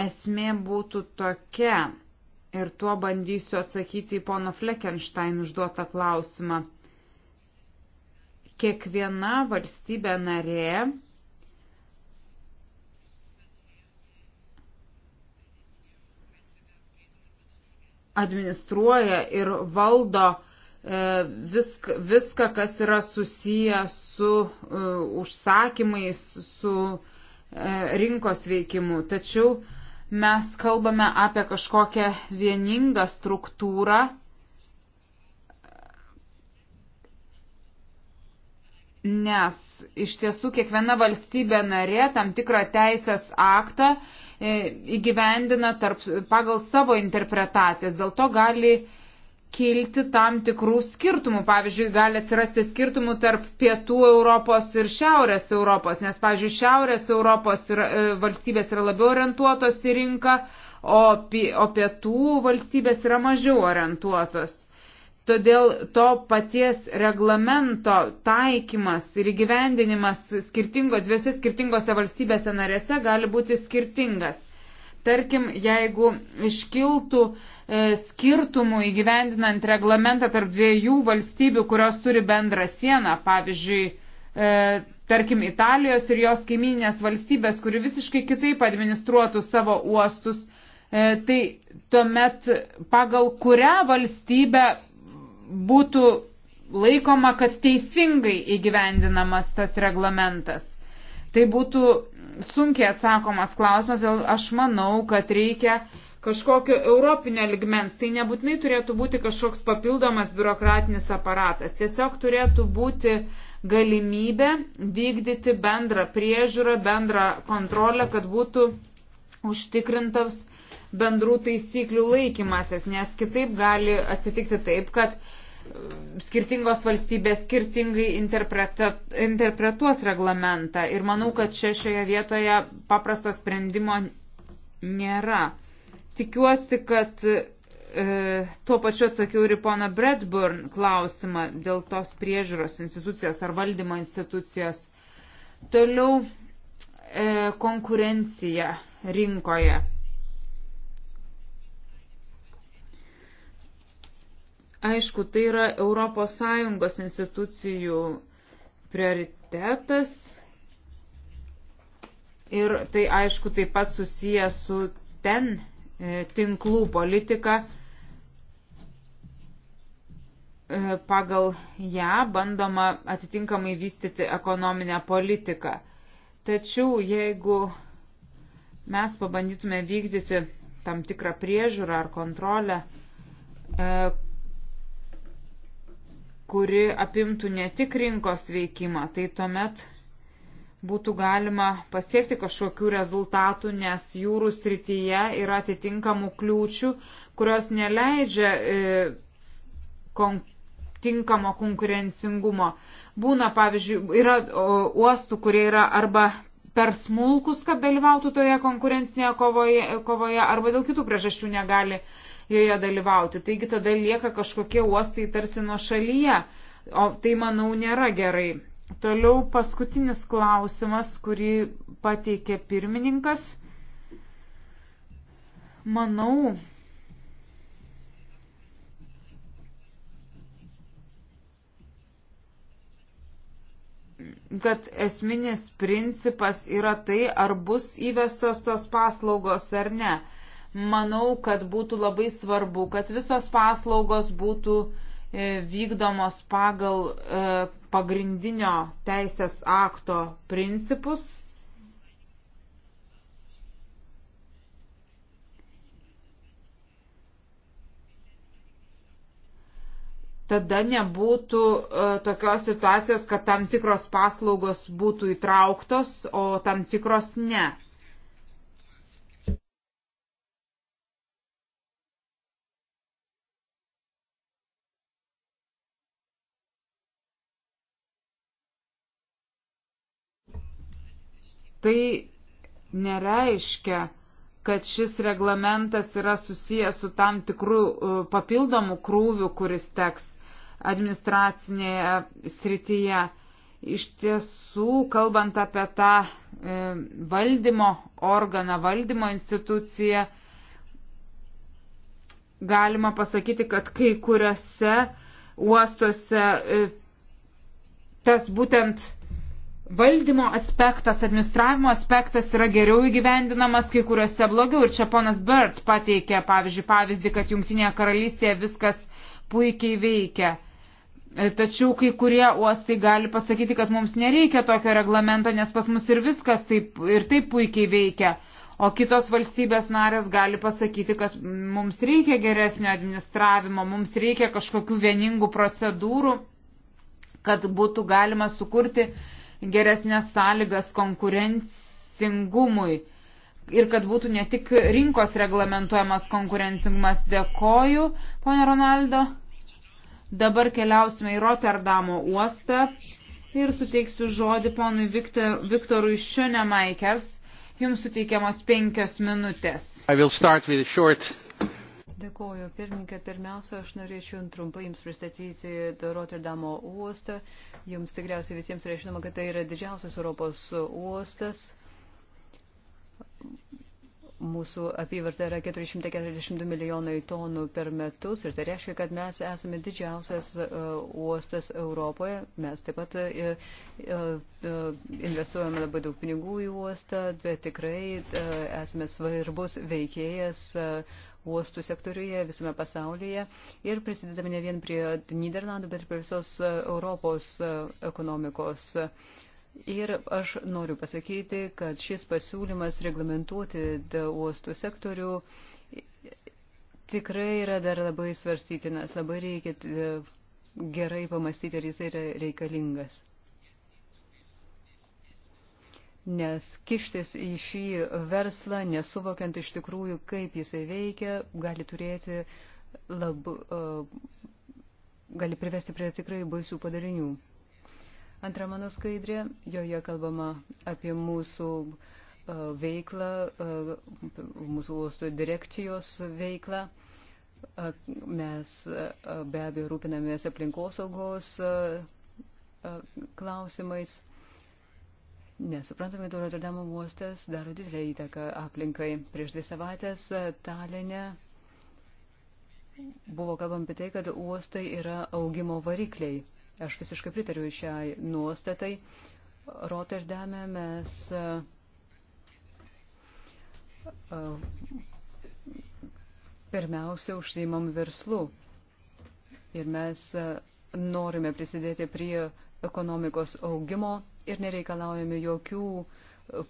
Esmė būtų tokia, ir tuo bandysiu atsakyti į pono Fleckenstein užduotą klausimą. Kiekviena valstybė narė administruoja ir valdo E, visk, viską, kas yra susiję su e, užsakymais, su e, rinkos veikimu. Tačiau mes kalbame apie kažkokią vieningą struktūrą, nes iš tiesų kiekviena valstybė narė tam tikrą teisės aktą įgyvendina tarp, pagal savo interpretacijas. Dėl to gali kilti tam tikrų skirtumų. Pavyzdžiui, gali atsirasti skirtumų tarp pietų Europos ir šiaurės Europos, nes, pavyzdžiui, šiaurės Europos yra, e, valstybės yra labiau orientuotos į rinką, o, o pietų valstybės yra mažiau orientuotos. Todėl to paties reglamento taikymas ir įgyvendinimas skirtingo, dviese skirtingose valstybėse narėse gali būti skirtingas. Tarkim, jeigu iškiltų e, skirtumų įgyvendinant reglamentą tarp dviejų valstybių, kurios turi bendrą sieną, pavyzdžiui, e, tarkim, Italijos ir jos kaiminės valstybės, kuri visiškai kitaip administruotų savo uostus, e, tai tuomet pagal kurią valstybę būtų laikoma, kad teisingai įgyvendinamas tas reglamentas. Tai būtų sunkiai atsakomas klausimas, aš manau, kad reikia kažkokio europinio ligmens. Tai nebūtinai turėtų būti kažkoks papildomas biurokratinis aparatas. Tiesiog turėtų būti galimybė vykdyti bendrą priežiūrą, bendrą kontrolę, kad būtų užtikrintas bendrų taisyklių laikymasis, nes kitaip gali atsitikti taip, kad skirtingos valstybės skirtingai interpretuos reglamentą ir manau, kad čia šioje vietoje paprasto sprendimo nėra. Tikiuosi, kad e, tuo pačiu atsakiau ir į poną Bradburn klausimą dėl tos priežiūros institucijos ar valdymo institucijos. Toliau e, konkurencija rinkoje Aišku, tai yra ES institucijų prioritetas ir tai aišku taip pat susiję su ten e, tinklų politika. E, pagal ją bandoma atitinkamai vystyti ekonominę politiką. Tačiau jeigu mes pabandytume vykdyti tam tikrą priežiūrą ar kontrolę, e, kuri apimtų ne tik rinkos veikimą, tai tuomet būtų galima pasiekti kažkokių rezultatų, nes jūrų srityje yra atitinkamų kliūčių, kurios neleidžia e, kon, tinkamo konkurencingumo. Būna, pavyzdžiui, yra o, uostų, kurie yra arba per smulkus, kad dalyvautų toje konkurencinėje kovoje, kovoje arba dėl kitų priežasčių negali joje dalyvauti. Taigi tada lieka kažkokie uostai tarsi nuo šalyje, o tai manau nėra gerai. Toliau paskutinis klausimas, kurį pateikė pirmininkas. Manau, kad esminis principas yra tai, ar bus įvestos tos paslaugos ar ne manau, kad būtų labai svarbu, kad visos paslaugos būtų e, vykdomos pagal e, pagrindinio teisės akto principus. Tada nebūtų e, tokios situacijos, kad tam tikros paslaugos būtų įtrauktos, o tam tikros ne. tai nereiškia, kad šis reglamentas yra susijęs su tam tikrų e, papildomų krūvių, kuris teks administracinėje srityje. Iš tiesų, kalbant apie tą e, valdymo organą, valdymo instituciją, galima pasakyti, kad kai kuriuose uostuose e, tas būtent valdymo aspektas, administravimo aspektas yra geriau įgyvendinamas, kai kuriuose blogiau. Ir čia ponas Bert pateikė, pavyzdžiui, pavyzdį, kad Junktinėje karalystėje viskas puikiai veikia. E, tačiau kai kurie uostai gali pasakyti, kad mums nereikia tokio reglamento, nes pas mus ir viskas taip, ir taip puikiai veikia. O kitos valstybės narės gali pasakyti, kad mums reikia geresnio administravimo, mums reikia kažkokių vieningų procedūrų, kad būtų galima sukurti uh, geresnės sąlygas konkurencingumui ir kad būtų ne tik rinkos reglamentuojamas konkurencingumas. Dėkoju, ponė Ronaldo. Dabar keliausime į Rotterdamo uostą ir suteiksiu žodį ponui Viktor, Viktorui Šionemaikers. Jums suteikiamos penkios minutės. Short... Dėkuoju, pirmininkė. Pirmiausia, aš norėčiau trumpai Jums pristatyti Rotterdamo uostą. Jums tikriausiai visiems yra žinoma, kad tai yra didžiausias Europos uostas. Mūsų apyvarta yra 442 milijonai tonų per metus ir tai reiškia, kad mes esame didžiausias e, uostas Europoje. Mes taip pat e, e, investuojame labai daug pinigų į uostą, bet tikrai esame svarbus veikėjas uostų sektoriuje visame pasaulyje ir prisidedami ne vien prie Niderlandų, bet ir prie visos e, Europos e, ekonomikos. Ir aš noriu pasakyti, kad šis pasiūlymas reglamentuoti e, uostų sektorių tikrai yra dar labai svarstytinas, labai reikia gerai pamastyti, ar jis yra reikalingas nes kištis į šį verslą, nesuvokiant iš tikrųjų, kaip jisai veikia, gali turėti lab, gali privesti prie tikrai baisių padarinių. Antra mano skaidrė, joje kalbama apie mūsų veiklą, mūsų uosto direkcijos veiklą. Mes be abejo rūpinamės aplinkosaugos klausimais. Nesuprantame, kad Rotterdamo uostas daro didelę įtaką aplinkai. Prieš dvi savaitės e, Talinė buvo kalbam apie tai, kad uostai yra augimo varikliai. Aš visiškai pritariu šiai nuostatai. Rotterdame mes e, e, pirmiausia užsiimam verslu ir mes norime prisidėti prie ekonomikos augimo ir nereikalaujame jokių e,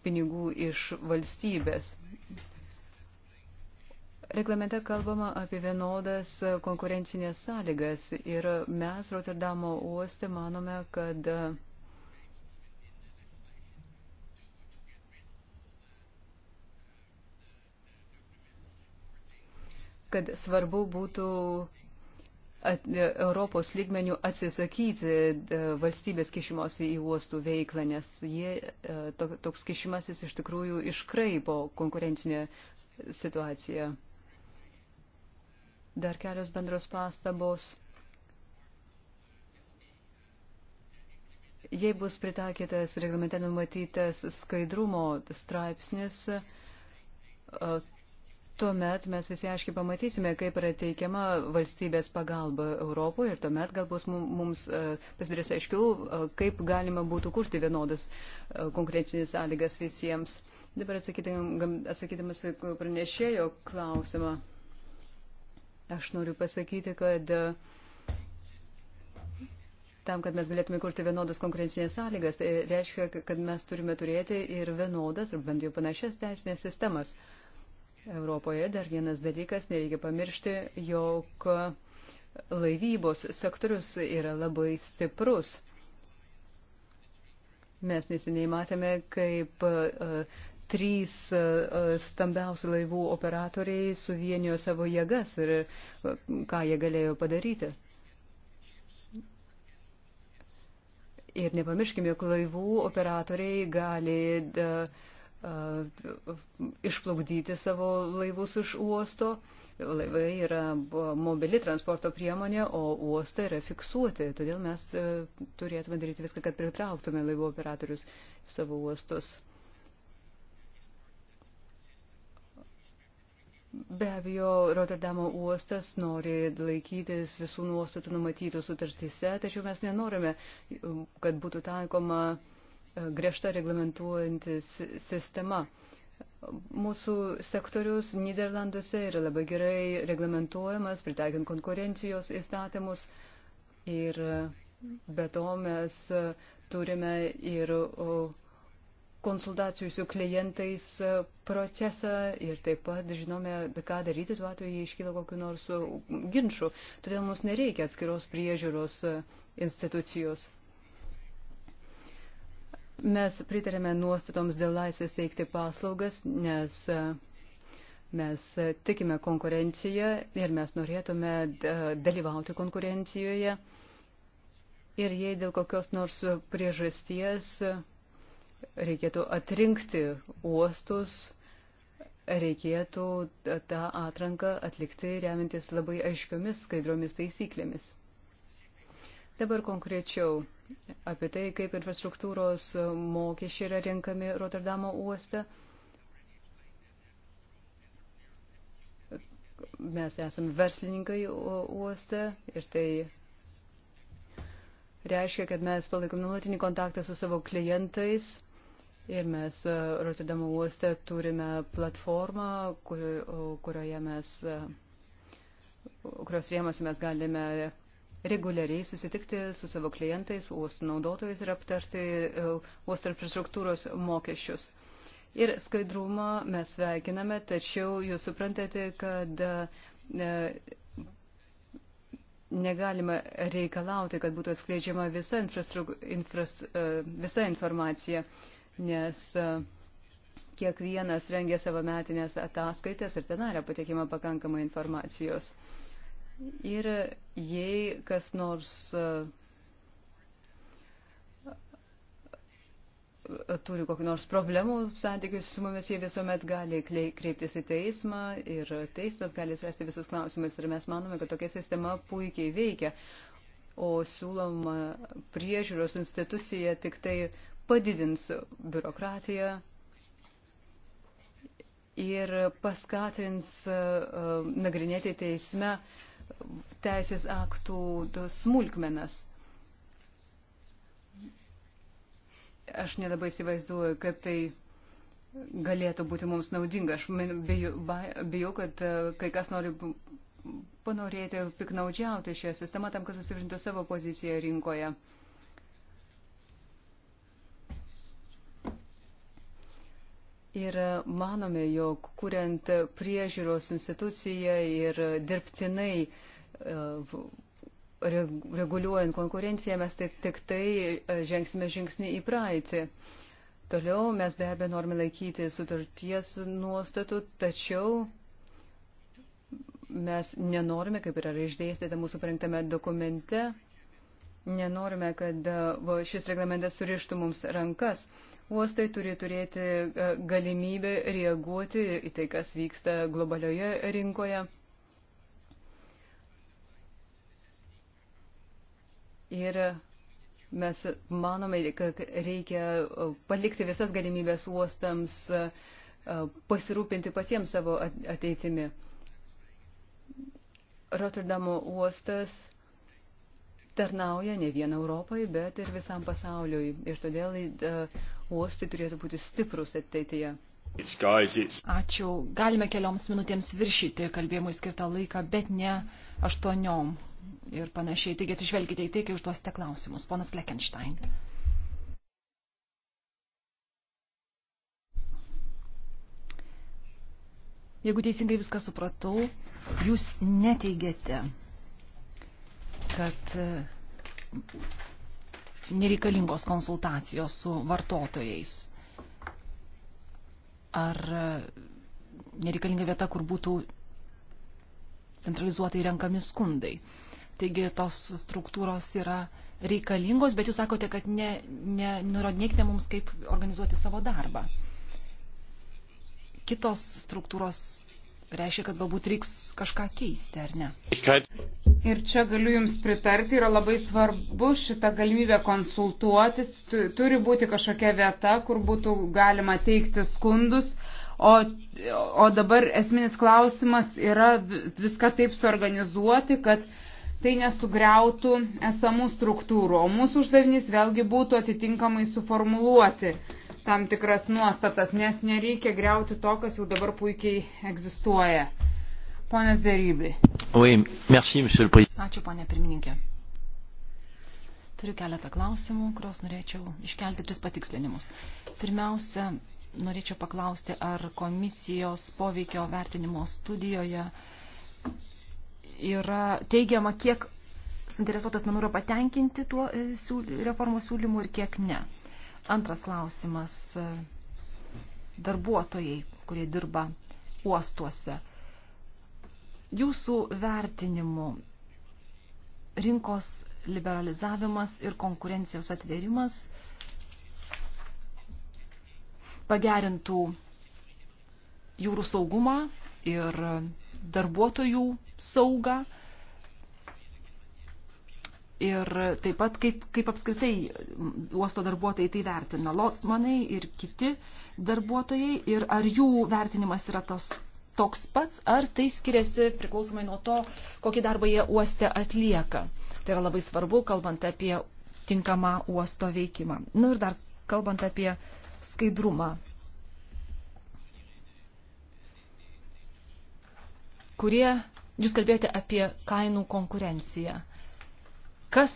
pinigų iš valstybės. Reglamente kalbama apie vienodas e, konkurencinės sąlygas ir mes Rotterdamo uoste manome, kad e, kad svarbu būtų uh, at, e, Europos lygmenių atsisakyti e, valstybės kišimosi į uostų veiklą, nes jie, e, to, toks kišimasis iš tikrųjų iškraipo konkurencinę situaciją. Dar kelios bendros pastabos. Jei bus pritaikytas reglamente numatytas skaidrumo straipsnis, tuomet mes visi aiškiai pamatysime, kaip yra teikiama valstybės pagalba Europoje ir tuomet galbūt mums e, pasidarys aiškiau, e, kaip galima būtų kurti vienodas e, konkurencinės sąlygas visiems. Dabar atsakydamas pranešėjo klausimą, aš noriu pasakyti, kad tam, kad mes galėtume kurti vienodas konkurencinės sąlygas, tai reiškia, kad mes turime turėti ir vienodas, ar bent jau panašias teisinės sistemas. Uh, Europoje. Dar vienas dalykas, nereikia pamiršti, jog laivybos sektorius yra labai stiprus. Mes neseniai matėme, kaip uh, trys e, stambiausi laivų operatoriai suvienijo savo jėgas ir e, ką jie galėjo padaryti. Ir nepamirškime, jog laivų operatoriai gali da, uh, Uh, išplaukdyti savo laivus iš uosto. Laivai yra mobili transporto priemonė, o uostai yra fiksuoti. Todėl mes uh, turėtume daryti viską, kad pritrauktume laivų operatorius savo uostus. Be abejo, Rotterdamo uostas nori laikytis visų nuostatų numatytų sutartyse, tačiau mes nenorime, kad būtų taikoma uh, griežta reglamentuojantis sistema. Mūsų sektorius Niderlanduose yra labai gerai reglamentuojamas, pritaikant konkurencijos įstatymus ir be to mes turime ir konsultacijų su klientais procesą ir taip pat žinome, ką daryti tuo atveju, jei iškyla kokiu nors ginčiu. Todėl mums nereikia atskiros priežiūros institucijos. Mes pritarėme nuostatoms dėl laisvės teikti paslaugas, nes e, mes e, tikime konkurenciją ir mes norėtume e, dalyvauti konkurencijoje. Ir jei dėl kokios nors priežasties reikėtų atrinkti uostus, reikėtų tą atranką atlikti remintis labai aiškiomis skaidromis taisyklėmis. Dabar konkrečiau apie tai, kaip infrastruktūros mokesčiai yra renkami Rotterdamo uoste. Mes esame verslininkai uoste ir tai reiškia, kad mes palaikom nuolatinį kontaktą su savo klientais ir mes e, Rotterdamo uoste turime platformą, kur, kurioje mes, e, kurios rėmose mes galime reguliariai susitikti su savo klientais, uostų naudotojais ir aptarti e, uostų infrastruktūros mokesčius. Ir skaidrumą mes sveikiname, tačiau jūs suprantate, kad e, negalima reikalauti, kad būtų atskleidžiama visa, infras, e, visa informacija, nes kiekvienas rengia savo metinės ataskaitas ir ten yra patekima pakankamai informacijos. Ir jei kas nors e, turi kokiu nors problemų santykius su mumis, jie visuomet gali kreiptis į teismą ir teismas gali spręsti visus klausimus ir mes manome, kad tokia sistema puikiai veikia, o siūloma priežiūros institucija tik tai padidins biurokratiją ir paskatins e, nagrinėti teisme uh, teisės aktų smulkmenas. Aš nelabai įsivaizduoju, kad tai galėtų būti mums naudinga. Aš bijau, bijau kad e, kai kas nori panorėti piknaudžiauti šią sistemą tam, kad sustiprintų savo poziciją rinkoje. Uh, Ir manome, jog kuriant priežiūros instituciją ir dirbtinai e, reguliuojant konkurenciją, mes taip tik tai e, žengsime žingsnį į praeitį. Toliau mes be abejo norime laikyti sutarties nuostatų, tačiau mes nenorime, kaip yra išdėstyta mūsų parengtame dokumente, Nenorime, kad e, šis reglamentas surištų mums rankas. Uostai turi turėti e, galimybę reaguoti į tai, kas vyksta globalioje rinkoje. Ir mes manome, kad reikia e, palikti visas galimybės uostams pasirūpinti patiems savo ateitimi. Rotterdamo uostas tarnauja ne vien Europai, bet ir visam pasauliui. Ir todėl e, uostai turėtų būti stiprus ateityje. Ačiū. Galime kelioms minutėms viršyti kalbėjimui skirtą laiką, bet ne aštuoniom ir panašiai. Taigi atsižvelgite į tai, kai užduosite klausimus. Ponas Fleckenstein. Jeigu teisingai viską supratau, jūs neteigiate kad e, nereikalingos konsultacijos su vartotojais. Ar e, nereikalinga vieta, kur būtų centralizuotai renkami skundai. Taigi tos struktūros yra reikalingos, bet jūs sakote, kad ne, ne, nurodinėkite mums, kaip organizuoti savo darbą. Kitos struktūros reiškia, kad galbūt reiks kažką keisti, ar ne? Ir čia galiu Jums pritarti, yra labai svarbu šitą galimybę konsultuotis, turi būti kažkokia vieta, kur būtų galima teikti skundus, o, o dabar esminis klausimas yra viską taip suorganizuoti, kad tai nesugriautų esamų struktūrų, o mūsų uždavinys vėlgi būtų atitinkamai suformuluoti tam tikras nuostatas, nes nereikia greuti to, kas jau dabar puikiai egzistuoja. Pone Zerybi. Oui, merci, Ačiū, ponė pirmininkė. Turiu keletą klausimų, kuriuos norėčiau iškelti tris patikslinimus. Pirmiausia, norėčiau paklausti, ar komisijos poveikio vertinimo studijoje yra teigiama, kiek suinteresuotas menų yra patenkinti tuo e, reformos siūlymu ir kiek ne. Antras klausimas. Darbuotojai, kurie dirba uostuose. Jūsų vertinimu rinkos liberalizavimas ir konkurencijos atvėrimas pagerintų jūrų saugumą ir darbuotojų saugą ir taip pat kaip, kaip apskritai uosto darbuotojai tai vertina, lotsmanai ir kiti darbuotojai, ir ar jų vertinimas yra tas toks pats, ar tai skiriasi priklausomai nuo to, kokį darbą jie uoste atlieka. Tai yra labai svarbu, kalbant apie tinkamą uosto veikimą. Na nu ir dar kalbant apie skaidrumą, kurie, jūs kalbėjote apie kainų konkurenciją kas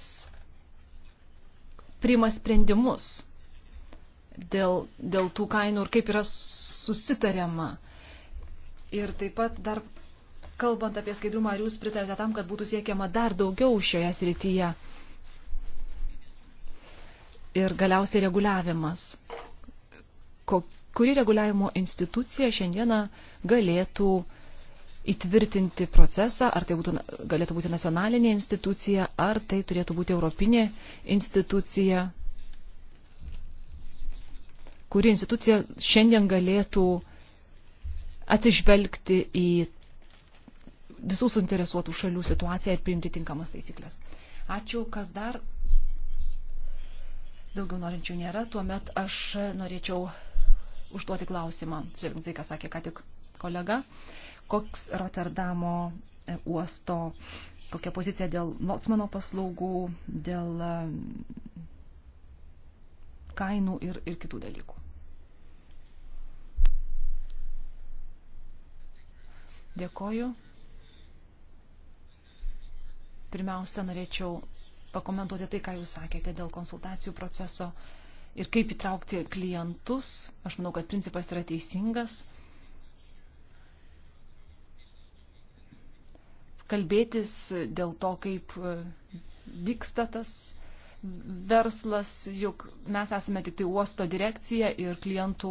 priima sprendimus dėl, dėl tų kainų ir kaip yra susitariama. Ir taip pat dar kalbant apie skaidrumą, ar jūs pritarėte tam, kad būtų siekiama dar daugiau šioje srityje? Ir galiausiai reguliavimas. Ko, kuri reguliavimo institucija šiandieną galėtų uh, įtvirtinti procesą, ar tai būtų, galėtų būti nacionalinė institucija, ar tai turėtų būti europinė institucija, kuri institucija šiandien galėtų atsižvelgti į visų suinteresuotų šalių situaciją ir priimti tinkamas taisyklės. Ačiū, kas dar daugiau norinčių nėra, tuomet aš norėčiau užduoti klausimą, žiūrėkime tai, ką sakė ką tik kolega. Uh, koks Rotterdamo e, uosto, kokia pozicija dėl Lotsmano paslaugų, dėl e, kainų ir, ir kitų dalykų. Dėkoju. Pirmiausia, norėčiau pakomentuoti tai, ką jūs sakėte dėl konsultacijų proceso ir kaip įtraukti klientus. Aš manau, kad principas yra teisingas kalbėtis dėl to, kaip e, vyksta tas verslas, juk mes esame tik tai uosto direkcija ir klientų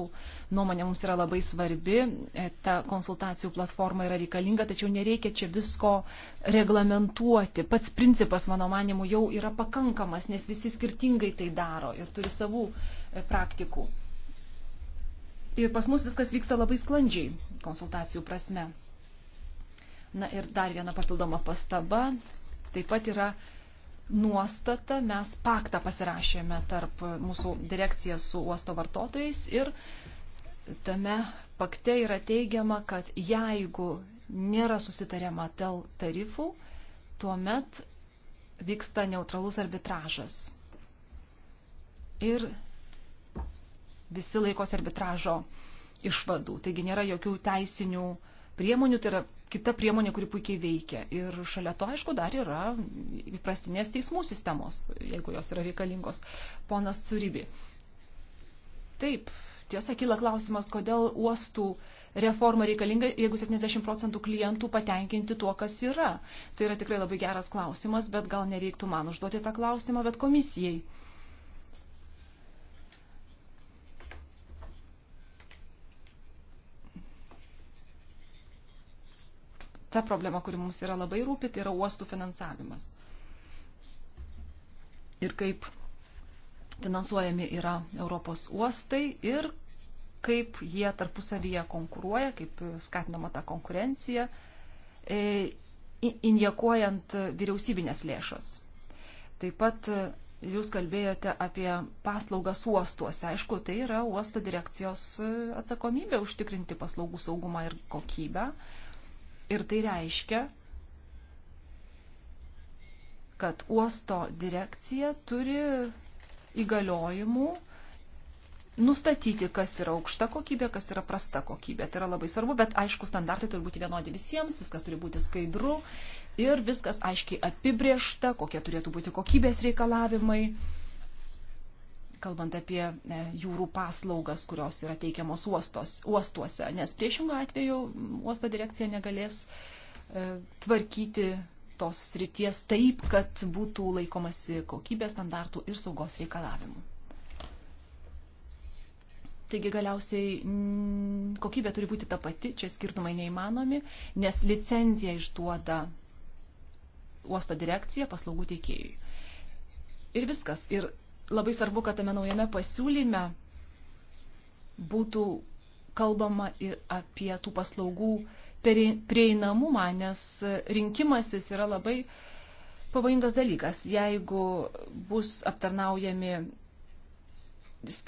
nuomonė mums yra labai svarbi, e, ta konsultacijų platforma yra reikalinga, tačiau nereikia čia visko reglamentuoti. Pats principas, mano manimu, jau yra pakankamas, nes visi skirtingai tai daro ir turi savų e, praktikų. Ir pas mus viskas vyksta labai sklandžiai konsultacijų prasme. Na ir dar viena papildoma pastaba. Taip pat yra nuostata, mes paktą pasirašėme tarp mūsų direkcija su uosto vartotojais ir tame pakte yra teigiama, kad jeigu nėra susitariama dėl tarifų, tuomet vyksta neutralus arbitražas. Ir visi laikos arbitražo išvadų. Taigi nėra jokių teisinių priemonių, tai yra kita priemonė, kuri puikiai veikia. Ir šalia to, aišku, dar yra įprastinės teismų sistemos, jeigu jos yra reikalingos. Ponas Curibi. Taip, tiesa, kyla klausimas, kodėl uostų reforma reikalinga, jeigu 70 procentų klientų patenkinti tuo, kas yra. Tai yra tikrai labai geras klausimas, bet gal nereiktų man užduoti tą klausimą, bet komisijai. ta problema, kuri mums yra labai rūpi, tai yra uostų finansavimas. Ir kaip finansuojami yra Europos uostai ir kaip jie tarpusavyje konkuruoja, kaip skatinama ta konkurencija, e, injekuojant vyriausybinės lėšas. Taip pat jūs kalbėjote apie paslaugas uostuose. Aišku, tai yra uosto direkcijos atsakomybė užtikrinti paslaugų saugumą ir kokybę. Ir tai reiškia, kad uosto direkcija turi įgaliojimų nustatyti, kas yra aukšta kokybė, kas yra prasta kokybė. Tai yra labai svarbu, bet aišku, standartai turi būti vienodi visiems, viskas turi būti skaidru ir viskas aiškiai apibriešta, kokie turėtų būti kokybės reikalavimai kalbant apie e, jūrų paslaugas, kurios yra teikiamos uostos, uostuose, nes priešingų atveju uosto direkcija negalės e, tvarkyti tos ryties taip, kad būtų laikomasi kokybės standartų ir saugos reikalavimų. Taigi galiausiai m, kokybė turi būti ta pati, čia skirtumai neįmanomi, nes licenziją išduoda uosto direkcija paslaugų teikėjui. Ir viskas. Ir labai svarbu, kad tame naujame pasiūlyme būtų kalbama ir apie tų paslaugų prieinamumą, nes rinkimasis yra labai pavojingas dalykas. Jeigu bus aptarnaujami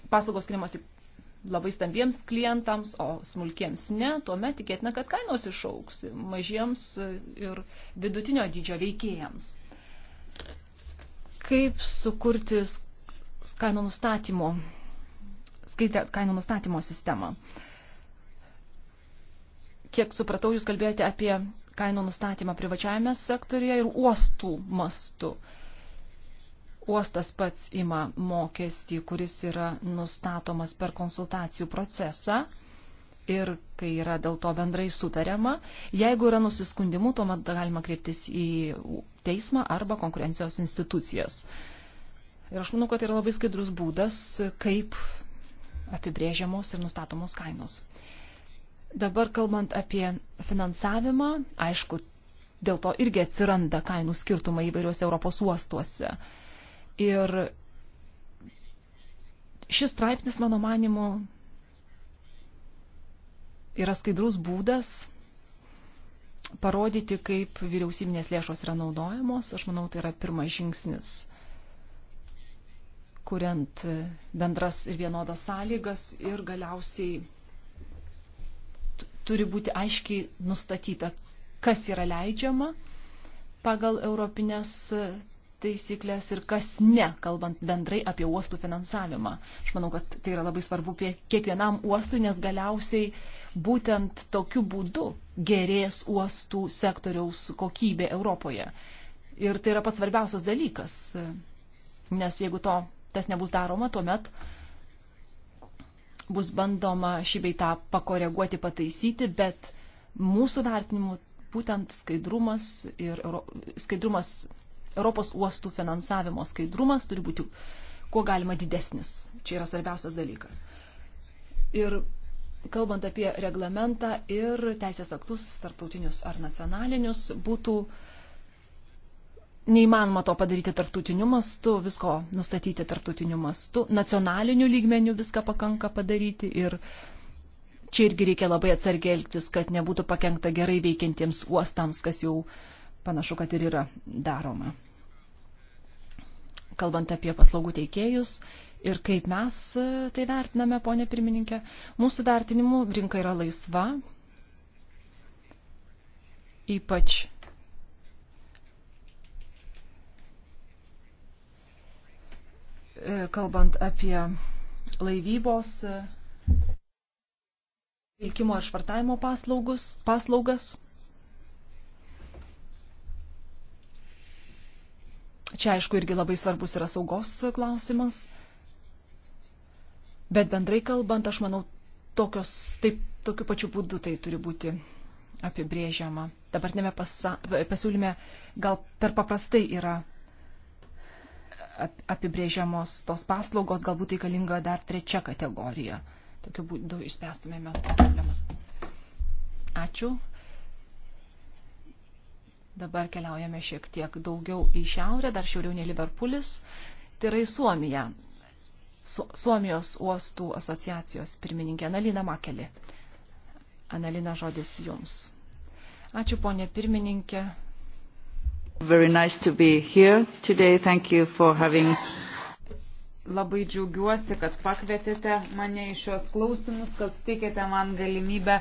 paslaugos skirimas tik labai stambiems klientams, o smulkiems ne, tuomet tikėtina, kad kainos išauks mažiems ir vidutinio dydžio veikėjams. Kaip sukurti kainų nustatymo, skaitę kainų nustatymo sistemą. Kiek supratau, jūs kalbėjote apie kainų nustatymą privačiajame sektorija ir uostų mastu. Uostas pats ima mokestį, kuris yra nustatomas per konsultacijų procesą ir kai yra dėl to bendrai sutariama. Jeigu yra nusiskundimų, tuomet galima kreiptis į teismą arba konkurencijos institucijas. Uh, Ir aš manau, kad tai yra labai skaidrus būdas, kaip apibrėžiamos ir nustatomos kainos. Dabar kalbant apie finansavimą, aišku, dėl to irgi atsiranda kainų skirtumai įvairiuose Europos uostuose. Ir šis straipsnis, mano manimu, yra skaidrus būdas parodyti, kaip vyriausybinės lėšos yra naudojamos. Aš manau, tai yra pirmas žingsnis kuriant bendras ir vienodas sąlygas ir galiausiai turi būti aiškiai nustatyta, kas yra leidžiama pagal europinės taisyklės ir kas ne, kalbant bendrai apie uostų finansavimą. Aš manau, kad tai yra labai svarbu kiekvienam uostui, nes galiausiai būtent tokiu būdu gerės uostų sektoriaus kokybė Europoje. Ir tai yra pats svarbiausias dalykas, nes jeigu to tas nebus daroma, tuomet bus bandoma šį beitą pakoreguoti, pataisyti, bet mūsų vertinimu būtent skaidrumas ir skaidrumas Europos uostų finansavimo skaidrumas turi būti kuo galima didesnis. Čia yra svarbiausias dalykas. Ir kalbant apie reglamentą ir teisės aktus, tarptautinius ar nacionalinius, būtų uh, neįmanoma to padaryti tarptautiniu mastu, visko nustatyti tarptautiniu mastu, nacionaliniu lygmeniu viską pakanka padaryti ir čia irgi reikia labai atsargiai elgtis, kad nebūtų pakengta gerai veikiantiems uostams, kas jau panašu, kad ir yra daroma. Kalbant apie paslaugų teikėjus ir kaip mes e, tai vertiname, ponė pirmininkė, mūsų vertinimu rinka yra laisva, ypač E, kalbant apie laivybos e, vilkimo ir švartavimo paslaugus, paslaugas. Čia aišku irgi labai svarbus yra saugos klausimas. Bet bendrai kalbant, aš manau, tokios, taip, tokiu pačiu būdu tai turi būti apibrėžiama. Dabartinėme pasiūlyme gal per paprastai yra apibrėžiamos tos paslaugos, galbūt reikalinga dar trečia kategorija. Tokiu būdu išspręstumėme tas problemas. Ačiū. Dabar keliaujame šiek tiek daugiau į šiaurę, dar šiauriau nei Liverpoolis. Tai yra į Suomiją. Su, Suomijos uostų asociacijos pirmininkė Analina Makeli. Analina žodis jums. Ačiū, ponė pirmininkė. Very nice to be here today. Thank you for having labai džiaugiuosi, kad pakvietėte mane į šios klausimus, kad suteikėte man galimybę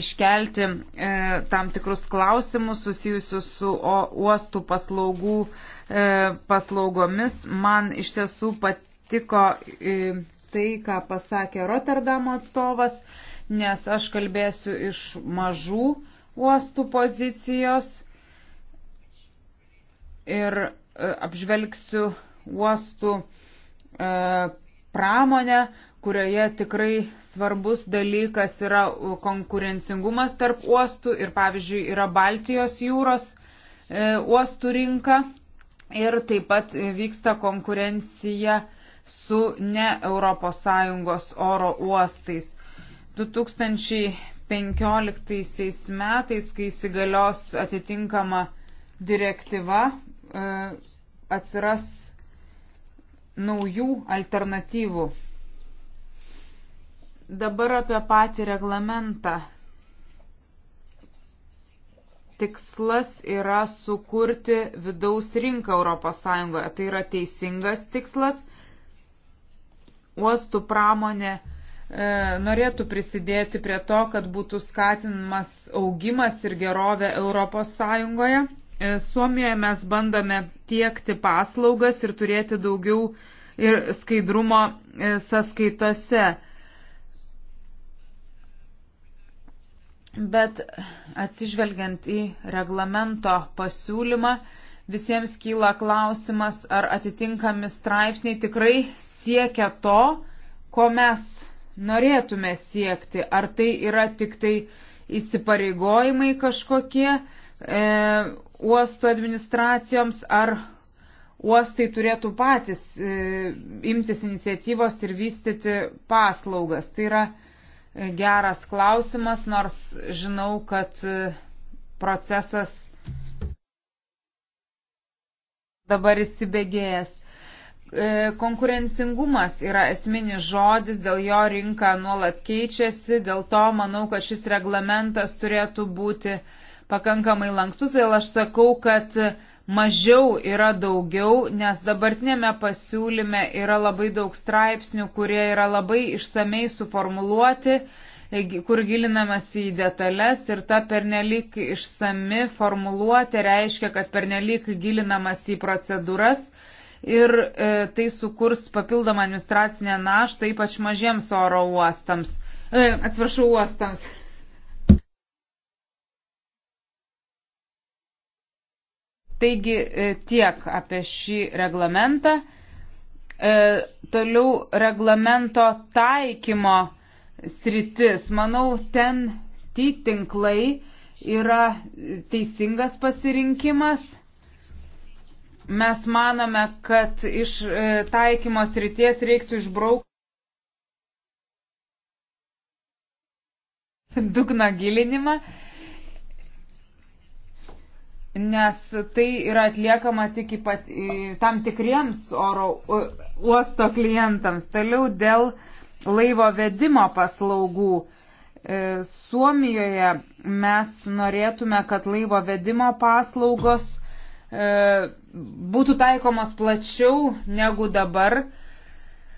iškelti e, tam tikrus klausimus susijusius su o, uostų paslaugų e, paslaugomis. Man iš tiesų patiko e, tai, ką pasakė Rotterdamo atstovas, nes aš kalbėsiu iš mažų uostų pozicijos ir e, apžvelgsiu uostų e, pramonę, kurioje tikrai svarbus dalykas yra konkurencingumas tarp uostų ir pavyzdžiui yra Baltijos jūros e, uostų rinka ir taip pat vyksta konkurencija su ne ES oro uostais. 2015 metais, kai įsigalios atitinkama direktyva, E, atsiras naujų alternatyvų. Dabar apie patį reglamentą. Tikslas yra sukurti vidaus rinką ES. Tai yra teisingas tikslas. Uostų pramonė e, norėtų prisidėti prie to, kad būtų skatinamas augimas ir gerovė Europos Sąjungoje. E, Suomijoje mes bandome tiekti paslaugas ir turėti daugiau ir skaidrumo e, sąskaitose. Bet atsižvelgiant į reglamento pasiūlymą, visiems kyla klausimas, ar atitinkami straipsniai tikrai siekia to, ko mes norėtume siekti. Ar tai yra tik tai įsipareigojimai kažkokie, e, uosto administracijoms, ar uostai turėtų patys e, imtis iniciatyvos ir vystyti paslaugas. Tai yra e, geras klausimas, nors žinau, kad e, procesas dabar įsibėgėjęs. E, konkurencingumas yra esminis žodis, dėl jo rinka nuolat keičiasi, dėl to manau, kad šis reglamentas turėtų būti uh, pakankamai lankstus, todėl aš sakau, kad mažiau yra daugiau, nes dabartinėme pasiūlyme yra labai daug straipsnių, kurie yra labai išsamei suformuluoti, kur gilinamas į detalės ir ta pernelyg išsami formuluoti reiškia, kad pernelyg gilinamas į procedūras. Ir e, tai sukurs papildomą administracinę naštą, ypač mažiems oro uostams. E, atsiprašau, uostams. Taigi e, tiek apie šį reglamentą. E, toliau reglamento taikymo sritis. Manau, ten tinklai yra teisingas pasirinkimas. Mes manome, kad iš e, taikymo srities reiktų išbraukti. dugno gilinimą nes tai yra atliekama tik ypat, tam tikriems oro uosto klientams. Toliau dėl laivo vedimo paslaugų. E, Suomijoje mes norėtume, kad laivo vedimo paslaugos e, būtų taikomos plačiau negu dabar.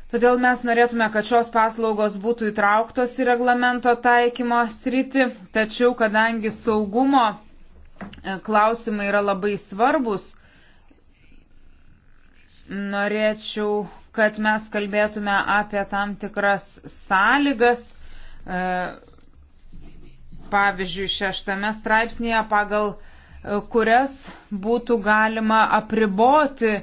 Todėl mes norėtume, kad šios paslaugos būtų įtrauktos į reglamento taikymo sritį, tačiau kadangi saugumo E, klausimai yra labai svarbus. Norėčiau, kad mes kalbėtume apie tam tikras sąlygas. E, pavyzdžiui, šeštame straipsnėje, pagal e, kurias būtų galima apriboti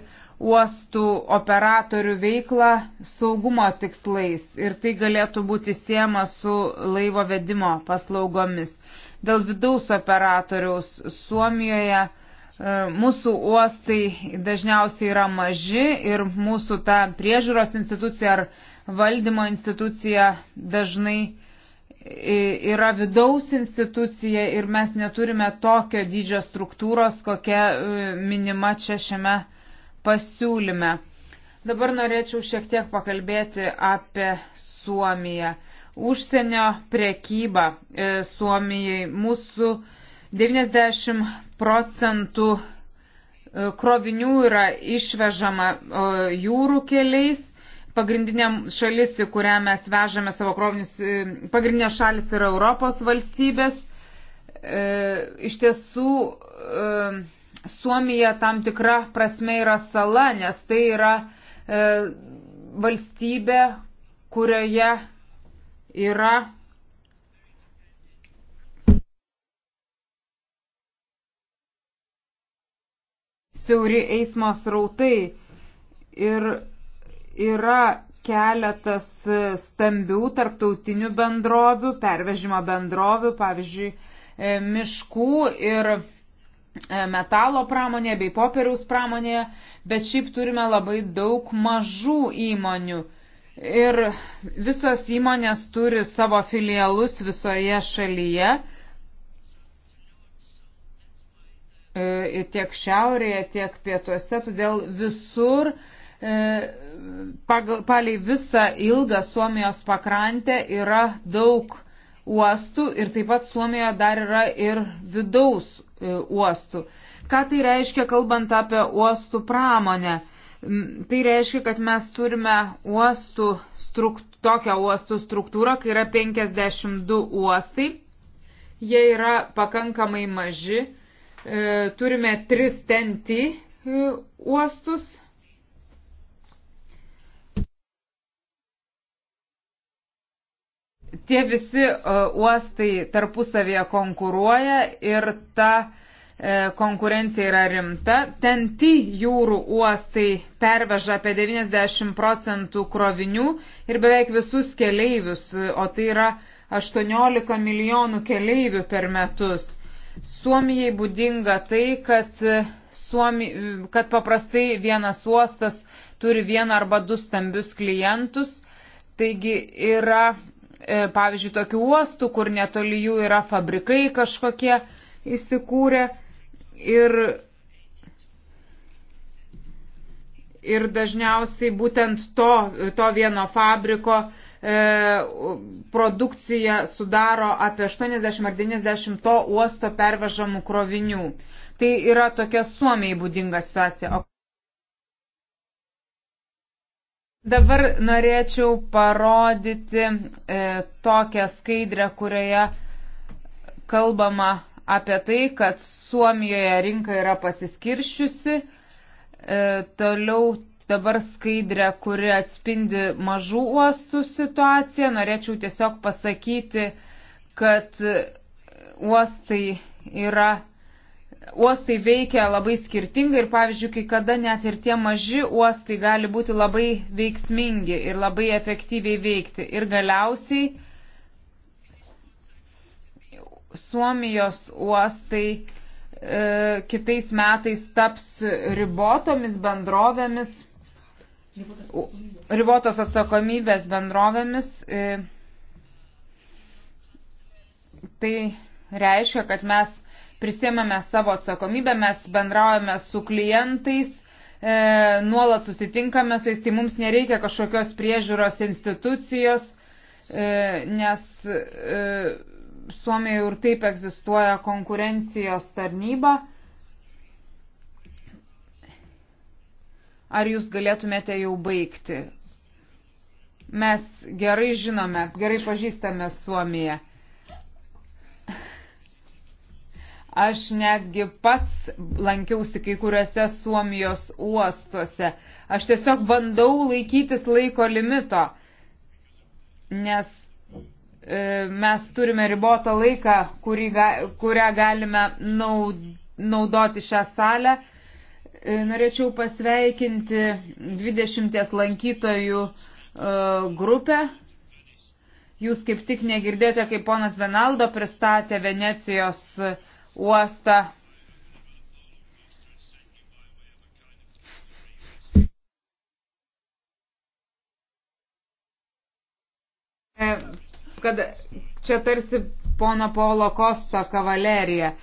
uostų operatorių veiklą saugumo tikslais ir tai galėtų būti siema su laivo vedimo paslaugomis dėl vidaus operatoriaus Suomijoje. E, mūsų uostai dažniausiai yra maži ir mūsų ta priežiūros institucija ar valdymo institucija dažnai e, yra vidaus institucija ir mes neturime tokio dydžio struktūros, kokia e, minima čia šiame pasiūlyme. Dabar norėčiau šiek tiek pakalbėti apie Suomiją užsienio prekyba e, Suomijai. Mūsų 90 procentų e, krovinių yra išvežama jūrų keliais. Pagrindinė šalis, į kurią mes vežame savo krovinius, e, pagrindinė šalis yra Europos valstybės. Iš tiesų, Suomija tam tikra prasme yra sala, nes tai yra valstybė, kurioje yra siauri eismo srautai ir yra keletas stambių tarptautinių bendrovių, pervežimo bendrovių, pavyzdžiui, e, miškų ir e, metalo pramonėje bei popieriaus pramonėje, bet šiaip turime labai daug mažų įmonių ir visos įmonės turi savo filialus visoje šalyje, e, tiek šiaurėje, tiek pietuose, todėl visur e, pagal, palei visą ilgą Suomijos pakrantę yra daug uostų ir taip pat Suomijoje dar yra ir vidaus e, uostų. Ką tai reiškia, kalbant apie uostų pramonę? Tai reiškia, kad mes turime uostų strukt, tokią uostų struktūrą, kai yra 52 uostai. Jie yra pakankamai maži. E, turime 3 tenti e, uostus. Tie visi e, uostai tarpusavėje konkuruoja ir ta uh, E, konkurencija yra rimta. Ten ty jūrų uostai perveža apie 90 procentų krovinių ir beveik visus keleivius, o tai yra 18 milijonų keleivių per metus. Suomijai būdinga tai, kad, e, Suomi, kad paprastai vienas uostas turi vieną arba du stambius klientus. Taigi yra, e, pavyzdžiui, tokių uostų, kur netoli jų yra fabrikai kažkokie įsikūrę ir, ir dažniausiai būtent to, to vieno fabriko e, produkcija sudaro apie 80 ar 90 to uosto pervežamų krovinių. Tai yra tokia Suomijai būdinga situacija. Dabar norėčiau parodyti e, tokią skaidrę, kurioje kalbama apie tai, kad Suomijoje rinka yra pasiskiršiusi. E, toliau dabar skaidrė, kuri atspindi mažų uostų situaciją. Norėčiau tiesiog pasakyti, kad uostai yra. Uostai veikia labai skirtingai ir, pavyzdžiui, kai kada net ir tie maži uostai gali būti labai veiksmingi ir labai efektyviai veikti. Ir galiausiai Suomijos uostai e, kitais metais taps ribotomis bendrovėmis, ribotos atsakomybės bendrovėmis. E, tai reiškia, kad mes prisėmėme savo atsakomybę, mes bendraujame su klientais, e, nuolat susitinkame su jais, tai mums nereikia kažkokios priežiūros institucijos, e, nes e, Suomijoje ir taip egzistuoja konkurencijos tarnyba. Ar jūs galėtumėte jau baigti? Mes gerai žinome, gerai pažįstame Suomiją. Aš netgi pats lankiausi kai kuriuose Suomijos uostuose. Aš tiesiog bandau laikytis laiko limito, nes E, mes turime ribotą laiką, kurį, kurią galime naudoti šią salę. E, norėčiau pasveikinti 20 lankytojų e, grupę. Jūs kaip tik negirdėjote, kaip ponas Benaldo pristatė Venecijos uostą kad čia tarsi pono Paulo Kosto kavalerija.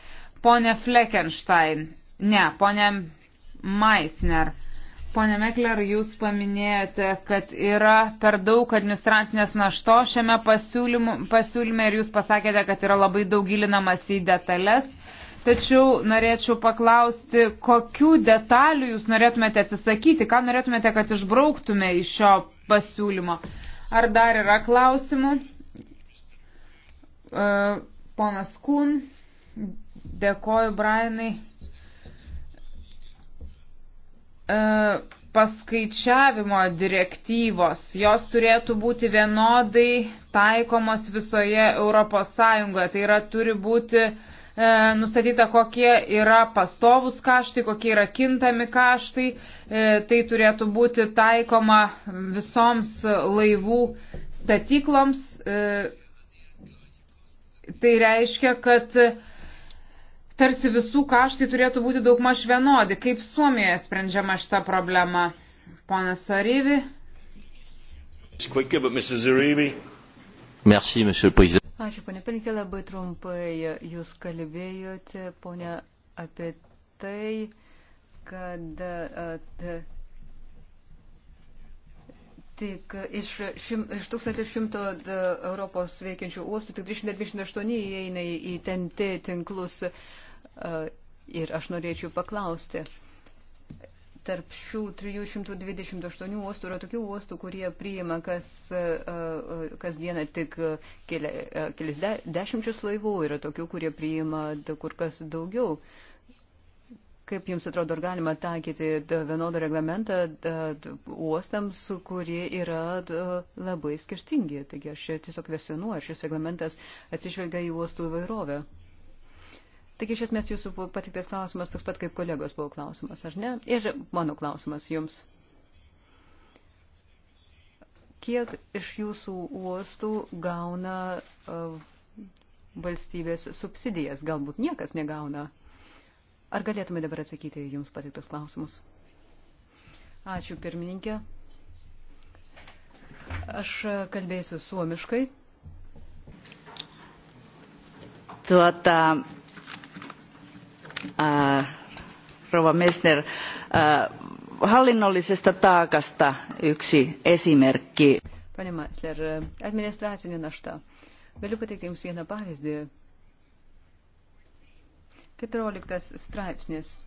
Pone Fleckenstein, ne, pone Meissner. Pone Mekler, jūs paminėjote, kad yra per daug administracinės našto šiame pasiūlyme ir jūs pasakėte, kad yra labai daug gilinamas į detalės. Tačiau norėčiau paklausti, kokių detalių jūs norėtumėte atsisakyti, ką norėtumėte, kad išbrauktume iš šio pasiūlymo. Ar dar yra klausimų? E, ponas Kun, dėkoju Brainai. E, paskaičiavimo direktyvos, jos turėtų būti vienodai taikomos visoje Europos Sąjungoje. Tai yra turi būti e, nustatyta, kokie yra pastovus kaštai, kokie yra kintami kaštai. E, tai turėtų būti taikoma visoms laivų statykloms. E, Tai reiškia, kad tarsi visų kaštai turėtų būti daugmaž vienodi. Kaip Suomijoje sprendžiama šita problema? Ponas Saryvi. Merci, monsieur le président. Ačiū, ponė Pirinkė, labai trumpai jūs kalbėjote, ponė, apie tai, kad at, Tik iš, šim, iš 1100 e, Europos veikiančių uostų tik 328 įeina į TNT tinklus. E, ir aš norėčiau paklausti, tarp šių 328 uostų yra tokių uostų, kurie priima kas, e, kas dieną tik keli, kelis de, dešimčius laivų, yra tokių, kurie priima kur kas daugiau. Uh, Kaip Jums atrodo, ar galima taikyti vienodą reglamentą uostams, kurie yra labai skirtingi? Taigi aš tiesiog kvesionuoju, ar šis reglamentas atsižvelgia į uostų įvairovę. Taigi iš esmės Jūsų patiktas klausimas toks pat kaip kolegos buvo klausimas, ar ne? Ir mano klausimas Jums. Kiek iš Jūsų uostų gauna valstybės subsidijas? Galbūt niekas negauna Ar galėtume dabar atsakyti Jums patiktus klausimus? Ačiū, pirmininkė. Aš kalbėsiu suomiškai. Tuota, äh, Rova Messner, äh, hallinnollisesta taakasta yksi esimerkki. Pane Matsler, administracinė našta. Galiu pateikti Jums vieną pavyzdį 14 straipsnis.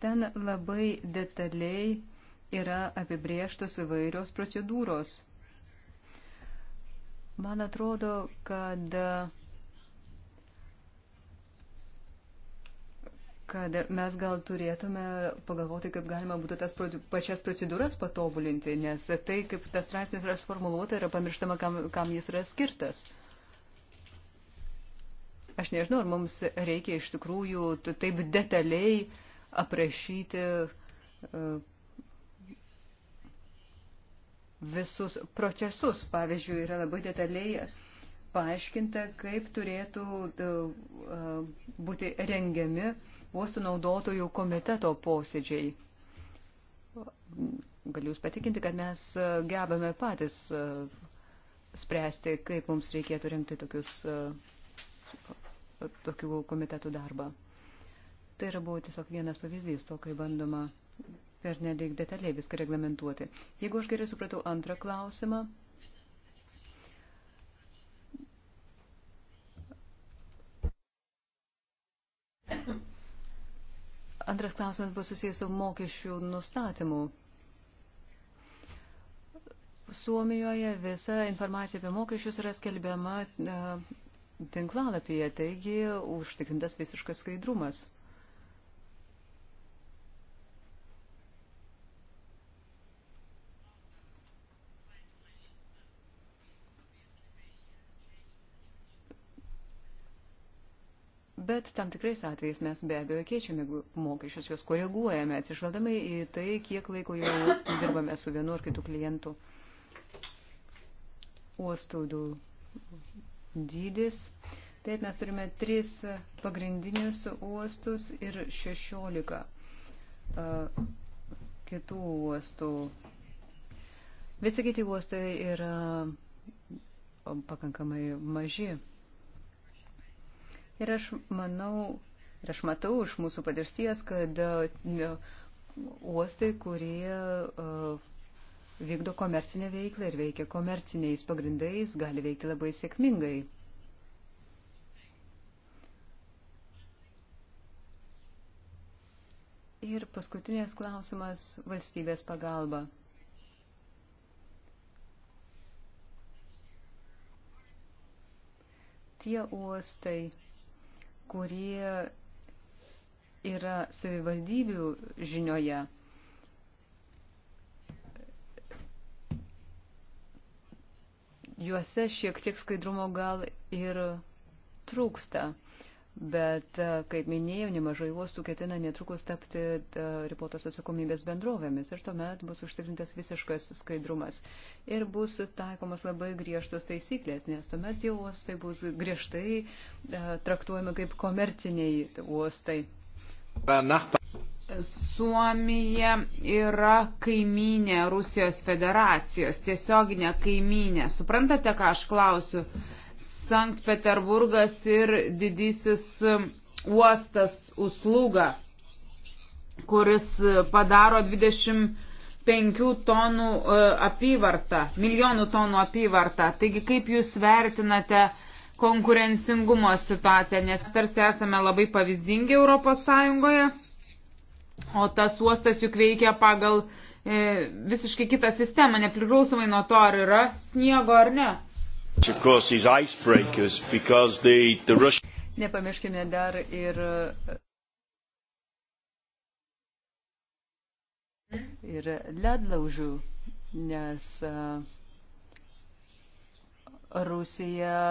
Ten labai detaliai yra apibrieštos įvairios procedūros. Man atrodo, kad, kad mes gal turėtume pagalvoti, kaip galima būtų tas pačias procedūras patobulinti, nes tai, kaip tas straipsnis yra sformuluota, yra pamirštama, kam, kam jis yra skirtas. Aš nežinau, ar mums reikia iš tikrųjų taip detaliai aprašyti e, visus procesus. Pavyzdžiui, yra labai detaliai paaiškinta, kaip turėtų e, e, būti rengiami uostų naudotojų komiteto posėdžiai. Galiu Jūs patikinti, kad mes gebame patys spręsti, kaip mums reikėtų rinkti tokius tokių komitetų darbą. Tai yra buvo tiesiog vienas pavyzdys to, kai bandoma per nedik detaliai viską reglamentuoti. Jeigu aš gerai supratau antrą klausimą, Antras klausimas buvo susijęs su mokesčių nustatymu. Suomijoje visa informacija apie mokesčius yra skelbiama e, tinklalapyje, taigi užtikrintas visiškas skaidrumas. Bet tam tikrais atvejais mes be abejo keičiame mokesčius, juos koreguojame, atsižvelgdami į tai, kiek laiko jau dirbame su vienu ar kitu klientu. Uostų dydis. Taip mes turime tris pagrindinius uostus ir šešiolika kitų uostų. Visi kiti uostai yra pakankamai maži. Ir aš manau, ir aš matau iš mūsų patirties, kad uostai, kurie vykdo komercinę veiklą ir veikia komerciniais pagrindais, gali veikti labai sėkmingai. Ir paskutinės klausimas – valstybės pagalba. Tie uostai, kurie yra savivaldybių žinioje – juose šiek tiek skaidrumo gal ir trūksta. Bet, e, kaip minėjau, nemažai uostų ketina netrukus tapti e, ribotos atsakomybės bendrovėmis ir tuomet bus užtikrintas visiškas skaidrumas. Ir bus taikomas labai griežtos taisyklės, nes tuomet jau uostai bus griežtai e, traktuojami kaip komerciniai uostai. Nachbar Suomija yra kaiminė Rusijos federacijos, tiesioginė kaiminė. Suprantate, ką aš klausiu? Sankt Peterburgas ir didysis uostas Usluga, kuris padaro 25 tonų e, apyvartą, milijonų tonų apyvartą. Taigi kaip jūs vertinate konkurencingumo situaciją, nes tarsi esame labai pavyzdingi Europos Sąjungoje? O tas uostas juk veikia pagal e, visiškai kitą sistemą, nepriklausomai nuo to, ar yra sniego ar ne. Nepamirškime dar ir, ir ledlaužių, nes Rusija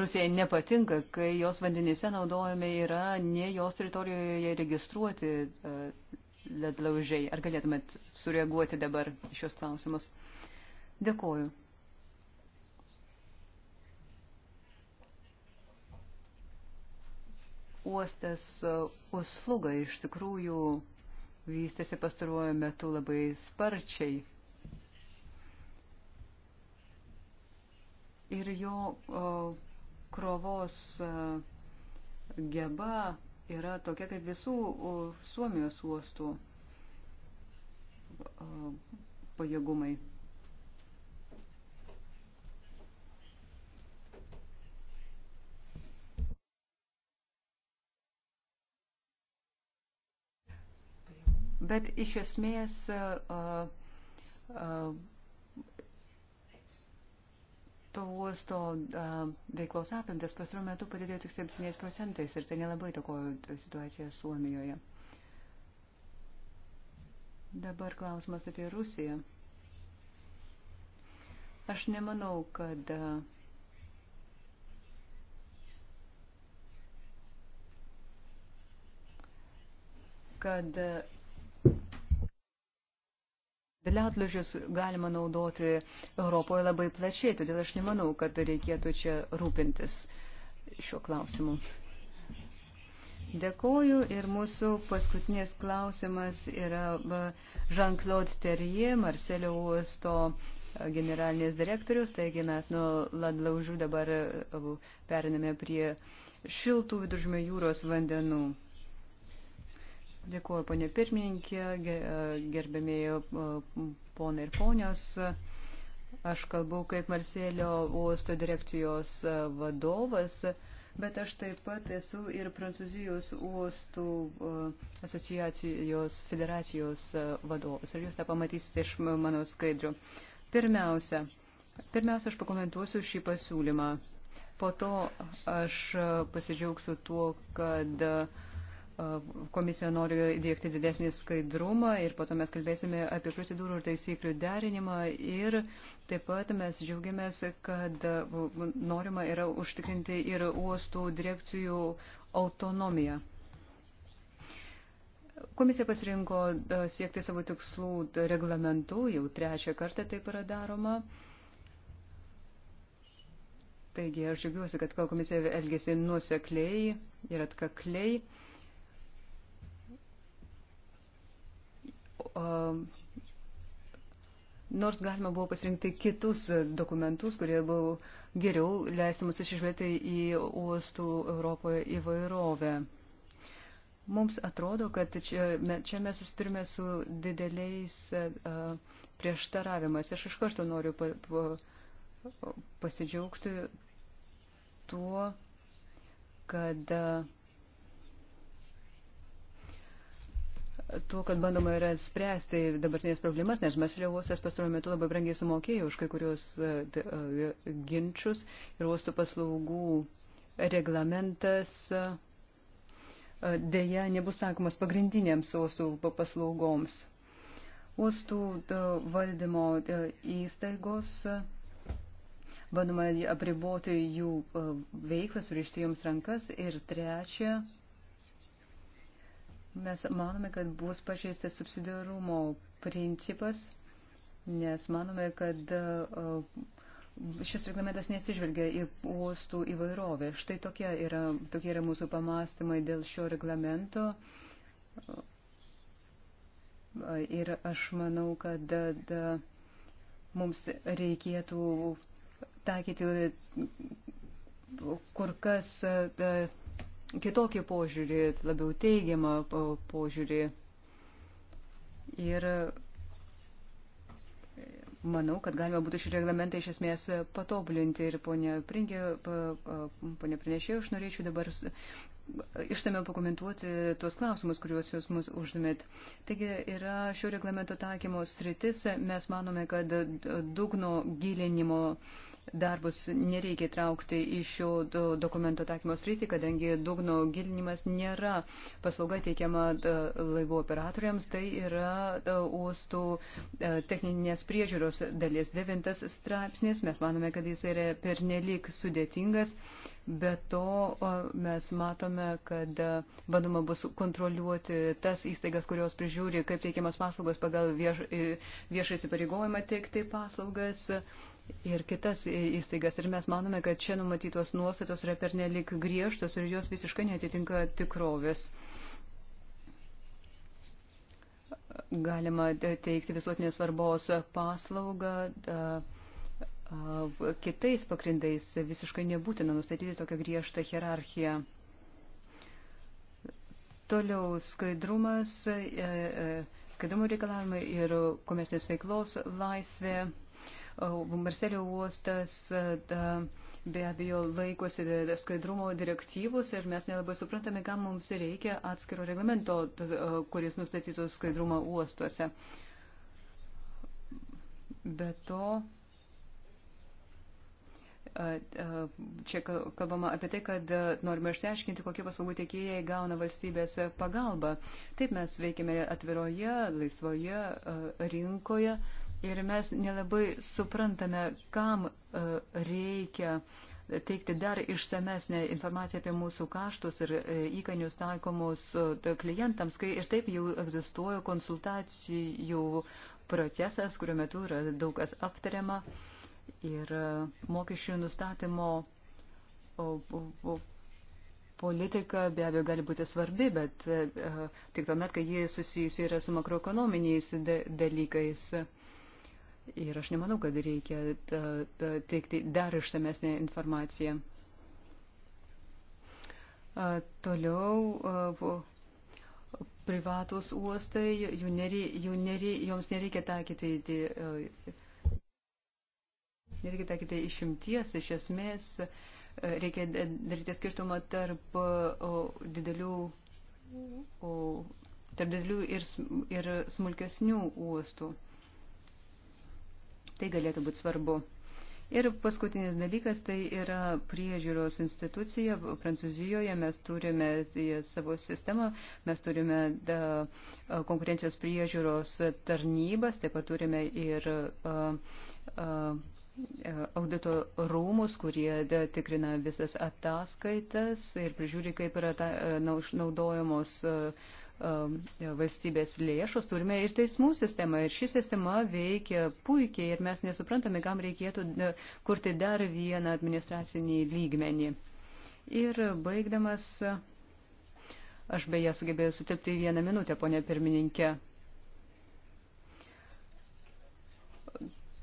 Rusijai nepatinka, kai jos vandenyse naudojami yra ne jos teritorijoje registruoti e, ledlaužiai. Ar galėtumėt sureaguoti dabar šios klausimus? Dėkoju. Uostas e, Usluga iš tikrųjų vystėsi pastaruoju metu labai sparčiai. Ir jo o, krovos e, geba yra tokia kaip visų Suomijos uostų e, pajėgumai. Bet iš esmės uh, uh, to uosto veiklos apimtis pastaruoju metu padidėjo tik 7 procentais ir tai nelabai tokojo situaciją Suomijoje. Dabar klausimas apie Rusiją. Aš nemanau, kad kad Ledlaužius galima naudoti Europoje labai plačiai, todėl aš nemanau, kad reikėtų čia rūpintis šiuo klausimu. Dėkoju ir mūsų paskutinės klausimas yra Jean-Claude Terrier, Marcelio uosto generalinės direktorius, taigi mes nuo ledlaužių dabar e, periname prie šiltų viduržmė jūros vandenų. Dėkuoju, ponė pirmininkė, e, gerbėmėjai e, ponai ir ponios. Aš kalbu kaip Marselio uosto direkcijos e, vadovas, bet aš taip pat esu ir Prancūzijos uostų asociacijos federacijos vadovas. Ir jūs tą pamatysite iš mano skaidrių. Pirmiausia, pirmiausia, aš pakomentuosiu šį pasiūlymą. Po to aš pasidžiaugsiu tuo, kad uh, komisija nori įdėkti didesnį skaidrumą ir po to mes kalbėsime apie procedūrų ir taisyklių derinimą ir taip pat mes džiaugiamės, kad norima yra užtikrinti ir uostų direkcijų autonomiją. Komisija pasirinko siekti savo tikslų reglamentų, jau trečią kartą taip yra daroma. Taigi aš džiaugiuosi, kad komisija elgėsi nuosekliai ir atkakliai. nors galima buvo pasirinkti kitus dokumentus, kurie buvo geriau leistų mums išvelgti į uostų Europoje įvairovę. Mums atrodo, kad čia, čia mes susiturime su dideliais prieštaravimas. Aš iš karto noriu pa, pa, pasidžiaugti tuo, kad a, tuo, kad bandoma yra spręsti dabartinės problemas, nes mes jau uostas pastaruoju metu labai brangiai sumokėjo už kai kurios e, e, ginčius ir uostų paslaugų reglamentas e, dėja nebus taikomas pagrindinėms uostų paslaugoms. Uostų valdymo įstaigos bandoma apriboti jų veiklą, surišti joms rankas ir trečia Mes manome, kad bus pažeistas subsidiarumo principas, nes manome, kad šis reglamentas nesižvelgia į uostų įvairovę. Štai tokie yra, tokie yra mūsų pamastymai dėl šio reglamento. Ir aš manau, kad da, da, mums reikėtų taikyti kur kas. Da, kitokį požiūrį, labiau teigiamą požiūrį. Ir manau, kad galima būtų šį reglamentą iš esmės patobulinti. Ir ponia, Pringė, ponia Prinešė, aš norėčiau dabar išsame pakomentuoti tuos klausimus, kuriuos jūs mus uždumėt. Taigi yra šio reglamento taikymo sritis, mes manome, kad dugno gilinimo darbus nereikia traukti iš šio dokumento taikymo sritį, kadangi dugno gilinimas nėra paslauga teikiama laivų operatoriams, tai yra uostų e, techninės priežiūros dalies devintas straipsnis. Mes manome, kad jis yra pernelik sudėtingas. Be to mes matome, kad e, bandoma bus kontroliuoti tas įstaigas, kurios prižiūri, kaip teikiamas paslaugas pagal vieš, e, viešą įsipareigojimą teikti paslaugas. Uh, ir kitas įstaigas. Ir mes manome, kad čia numatytos nuostatos yra pernelik griežtos ir jos visiškai netitinka tikrovės. Galima teikti visuotinės svarbos paslaugą kitais pagrindais visiškai nebūtina nustatyti tokią griežtą hierarchiją. Toliau skaidrumas, e, e, skaidrumo reikalavimai ir komersinės veiklos laisvė. Marselio uostas be abejo laikosi skaidrumo direktyvus ir mes nelabai suprantame, kam mums reikia atskiro reglamento, e, kuris nustatytų skaidrumą uostuose. Be to, čia kalbama apie tai, kad norime išsiaiškinti, kokie paslaugų tiekėjai gauna valstybės pagalbą. Taip mes veikiame atviroje, laisvoje rinkoje ir mes nelabai suprantame, kam e, reikia teikti dar išsamesnę informaciją apie mūsų kaštus ir e, įkainius taikomus e, klientams, kai ir taip jau egzistuoja konsultacijų procesas, kuriuo metu yra daug kas aptariama ir mokesčių nustatymo politika be abejo gali būti svarbi, bet tik tuomet, kai jie susijusi yra su makroekonominiais dalykais. De Ir aš nemanau, kad reikia teikti dar išsamesnę informaciją. Toliau privatus uostai, jų nerei, jų nerei, joms nereikia taikyti, nereikia taikyti išimties, iš esmės reikia daryti skirtumą tarp o, didelių, o, tarp didelių ir, ir smulkesnių uostų. Tai galėtų būti svarbu. Ir paskutinis dalykas tai yra priežiūros institucija. Prancūzijoje mes turime e, savo sistemą, mes turime da, e, konkurencijos priežiūros tarnybas, taip pat turime ir a, e, a, audito rūmus, kurie da, tikrina visas ataskaitas ir prižiūri, kaip yra ta, naudojamos. A, Um, valstybės lėšos, turime ir teismų sistemą. Ir ši sistema veikia puikiai ir mes nesuprantame, kam reikėtų e, kurti dar vieną administracinį lygmenį. Ir baigdamas, aš beje sugebėjau sutilpti vieną minutę, ponė pirmininkė.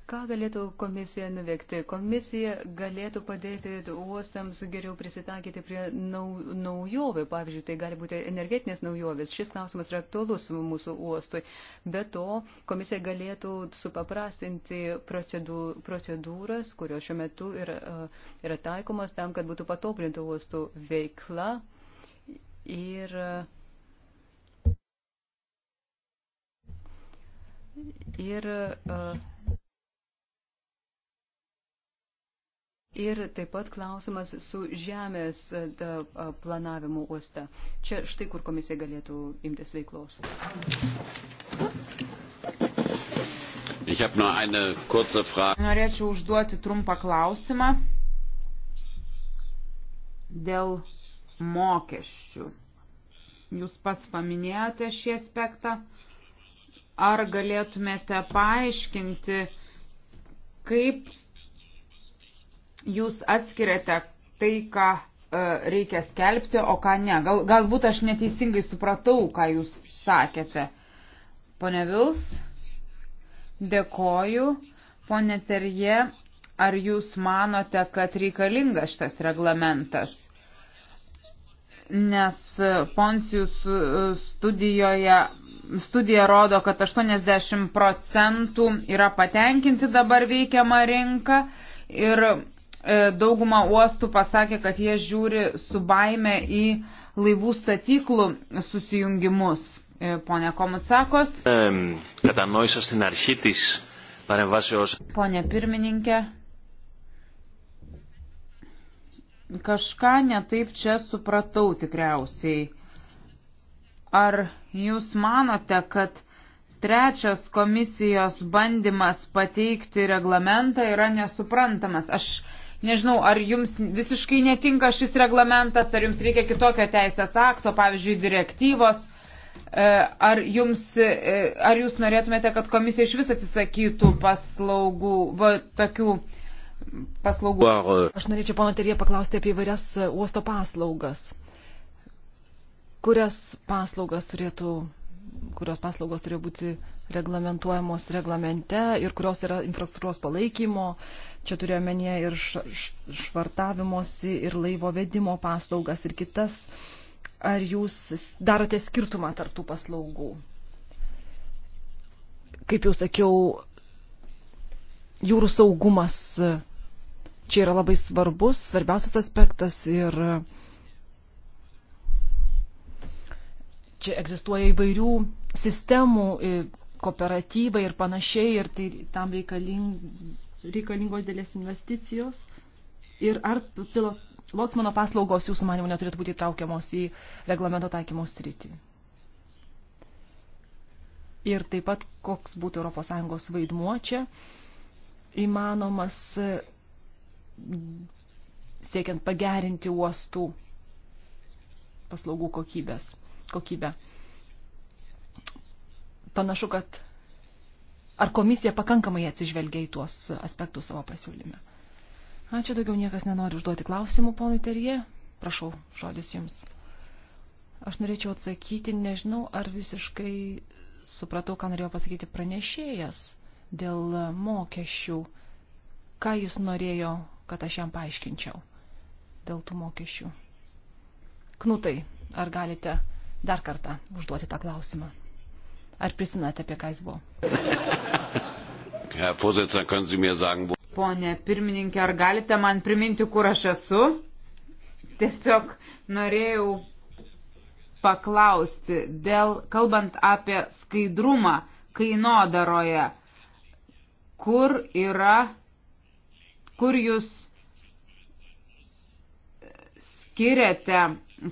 Ką galėtų komisija nuveikti? Komisija galėtų padėti uostams geriau prisitaikyti prie nau, naujovių. Pavyzdžiui, tai gali būti energetinės naujovės. Šis klausimas yra aktuolus mūsų uostui. Be to, komisija galėtų supaprastinti procedūras, kurios šiuo metu yra, yra taikomas tam, kad būtų patobrinta uostų veikla. Ir, ir uh, Ir taip pat klausimas su žemės e, planavimu uoste. Čia štai kur komisija galėtų imtis veiklos. Norėčiau užduoti trumpą klausimą dėl mokesčių. Jūs pats paminėjote šį aspektą. Ar galėtumėte paaiškinti, kaip jūs atskiriate tai, ką e, reikia skelbti, o ką ne. Gal, galbūt aš neteisingai supratau, ką jūs sakėte. Pone Vils, dėkoju. Pone Terje, ar jūs manote, kad reikalingas šitas reglamentas? Nes e, Poncijus e, studijoje, studija rodo, kad 80 procentų yra patenkinti dabar veikiama rinka ir E, dauguma uostų pasakė, kad jie žiūri su baime į laivų statyklų susijungimus. E, Pone Komutsakos. Pone pirmininkė. Kažką netaip čia supratau tikriausiai. Ar jūs manote, kad trečias komisijos bandymas pateikti reglamentą yra nesuprantamas? Aš Nežinau, ar jums visiškai netinka šis reglamentas, ar jums reikia kitokio teisės akto, pavyzdžiui, direktyvos. E, ar, jums, e, ar jūs norėtumėte, kad komisija iš vis atsisakytų paslaugų, va, tokių paslaugų? E, Aš norėčiau, pono Terė, paklausti apie įvairias uosto paslaugas. Kurias paslaugas turėtų kurios paslaugos turėjo būti reglamentuojamos reglamente ir kurios yra infrastruktūros palaikymo. Čia turėjome ir švartavimosi, ir laivo vedimo paslaugas, ir kitas. Ar jūs darote skirtumą tarptų paslaugų? Kaip jau sakiau, jūrų saugumas čia yra labai svarbus, svarbiausias aspektas ir uh, Čia egzistuoja įvairių sistemų, kooperatyvai ir panašiai, ir tai tam reikaling, reikalingos dėlės investicijos. Ir ar pilot, lotsmano paslaugos jūsų manimų neturėtų būti įtraukiamos į reglamento taikymo sritį? Ir taip pat, koks būtų ES vaidmuo čia, įmanomas siekiant pagerinti uostų paslaugų kokybės kokybę. Panašu, kad ar komisija pakankamai atsižvelgia į tuos aspektus savo pasiūlyme. Ačiū, daugiau niekas nenori užduoti klausimų, ponui Terie. Prašau, žodis jums. Aš norėčiau atsakyti, nežinau, ar visiškai supratau, ką norėjo pasakyti pranešėjas dėl mokesčių, ką jis norėjo, kad aš jam paaiškinčiau dėl tų mokesčių. Knutai, ar galite dar kartą užduoti tą klausimą. Ar prisimnate, apie ką jis buvo? Pone pirmininkė, ar galite man priminti, kur aš esu? Tiesiog norėjau paklausti, dėl, kalbant apie skaidrumą kainodaroje, kur yra, kur jūs skiriate,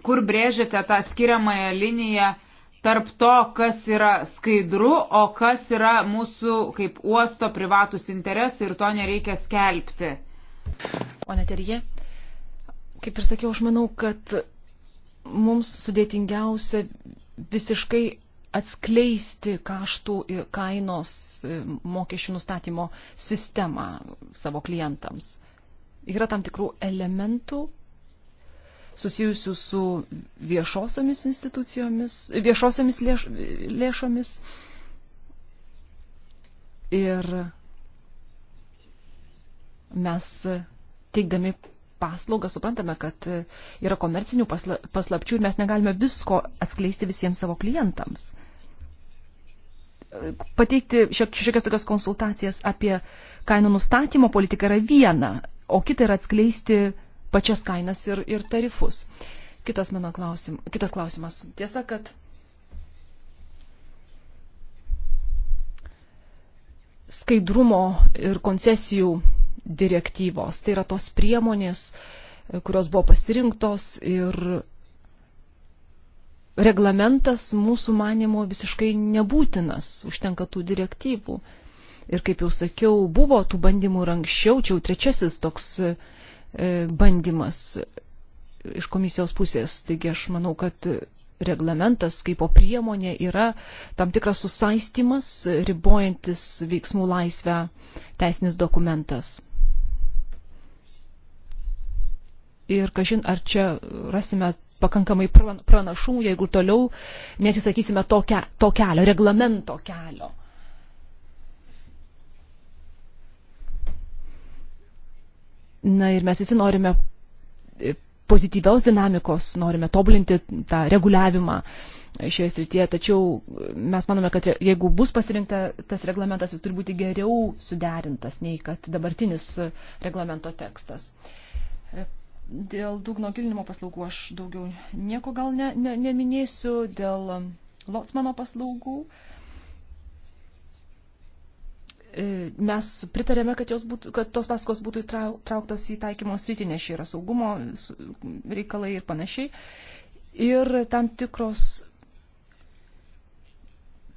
kur brėžiate tą skiriamąją liniją tarp to, kas yra skaidru, o kas yra mūsų kaip uosto privatus interesai ir to nereikia skelbti. O net ir jie, kaip ir sakiau, aš manau, kad mums sudėtingiausia visiškai atskleisti kaštų ir kainos e, mokesčių nustatymo sistemą savo klientams. Yra tam tikrų elementų, susijusių su viešosiomis institucijomis, viešosiomis lėš, lėšomis. Ir mes teikdami paslaugą suprantame, kad yra komercinių pasla, paslapčių ir mes negalime visko atskleisti visiems savo klientams. Pateikti šiokias tokias konsultacijas apie kainų nustatymo politiką yra viena, o kita yra atskleisti pačias kainas ir, ir tarifus. Kitas mano klausim, kitas klausimas. Tiesa, kad skaidrumo ir koncesijų direktyvos, tai yra tos priemonės, kurios buvo pasirinktos ir reglamentas mūsų manimo visiškai nebūtinas, užtenka tų direktyvų. Ir kaip jau sakiau, buvo tų bandymų ir anksčiau, čia jau trečiasis toks E, bandymas iš komisijos pusės. Taigi aš manau, kad reglamentas kaip o priemonė yra tam tikras susaistimas, ribojantis veiksmų laisvę teisinis dokumentas. Ir kažin, ar čia rasime pakankamai pranašumų, jeigu toliau nesisakysime to, ke to kelio, reglamento kelio. Na ir mes visi norime e, pozityvios dinamikos, norime tobulinti tą reguliavimą e, šioje srityje, tačiau e, mes manome, kad jeigu bus pasirinkta tas reglamentas, jis turi būti geriau suderintas nei kad dabartinis reglamento tekstas. Dėl dugno gilinimo paslaugų aš daugiau nieko gal ne, ne, neminėsiu, dėl lotsmano paslaugų. Uh, E, mes pritarėme, kad, būtų, kad tos paskos būtų trauktos į taikymo sritį, nes čia yra saugumo reikalai ir panašiai. Ir tam tikros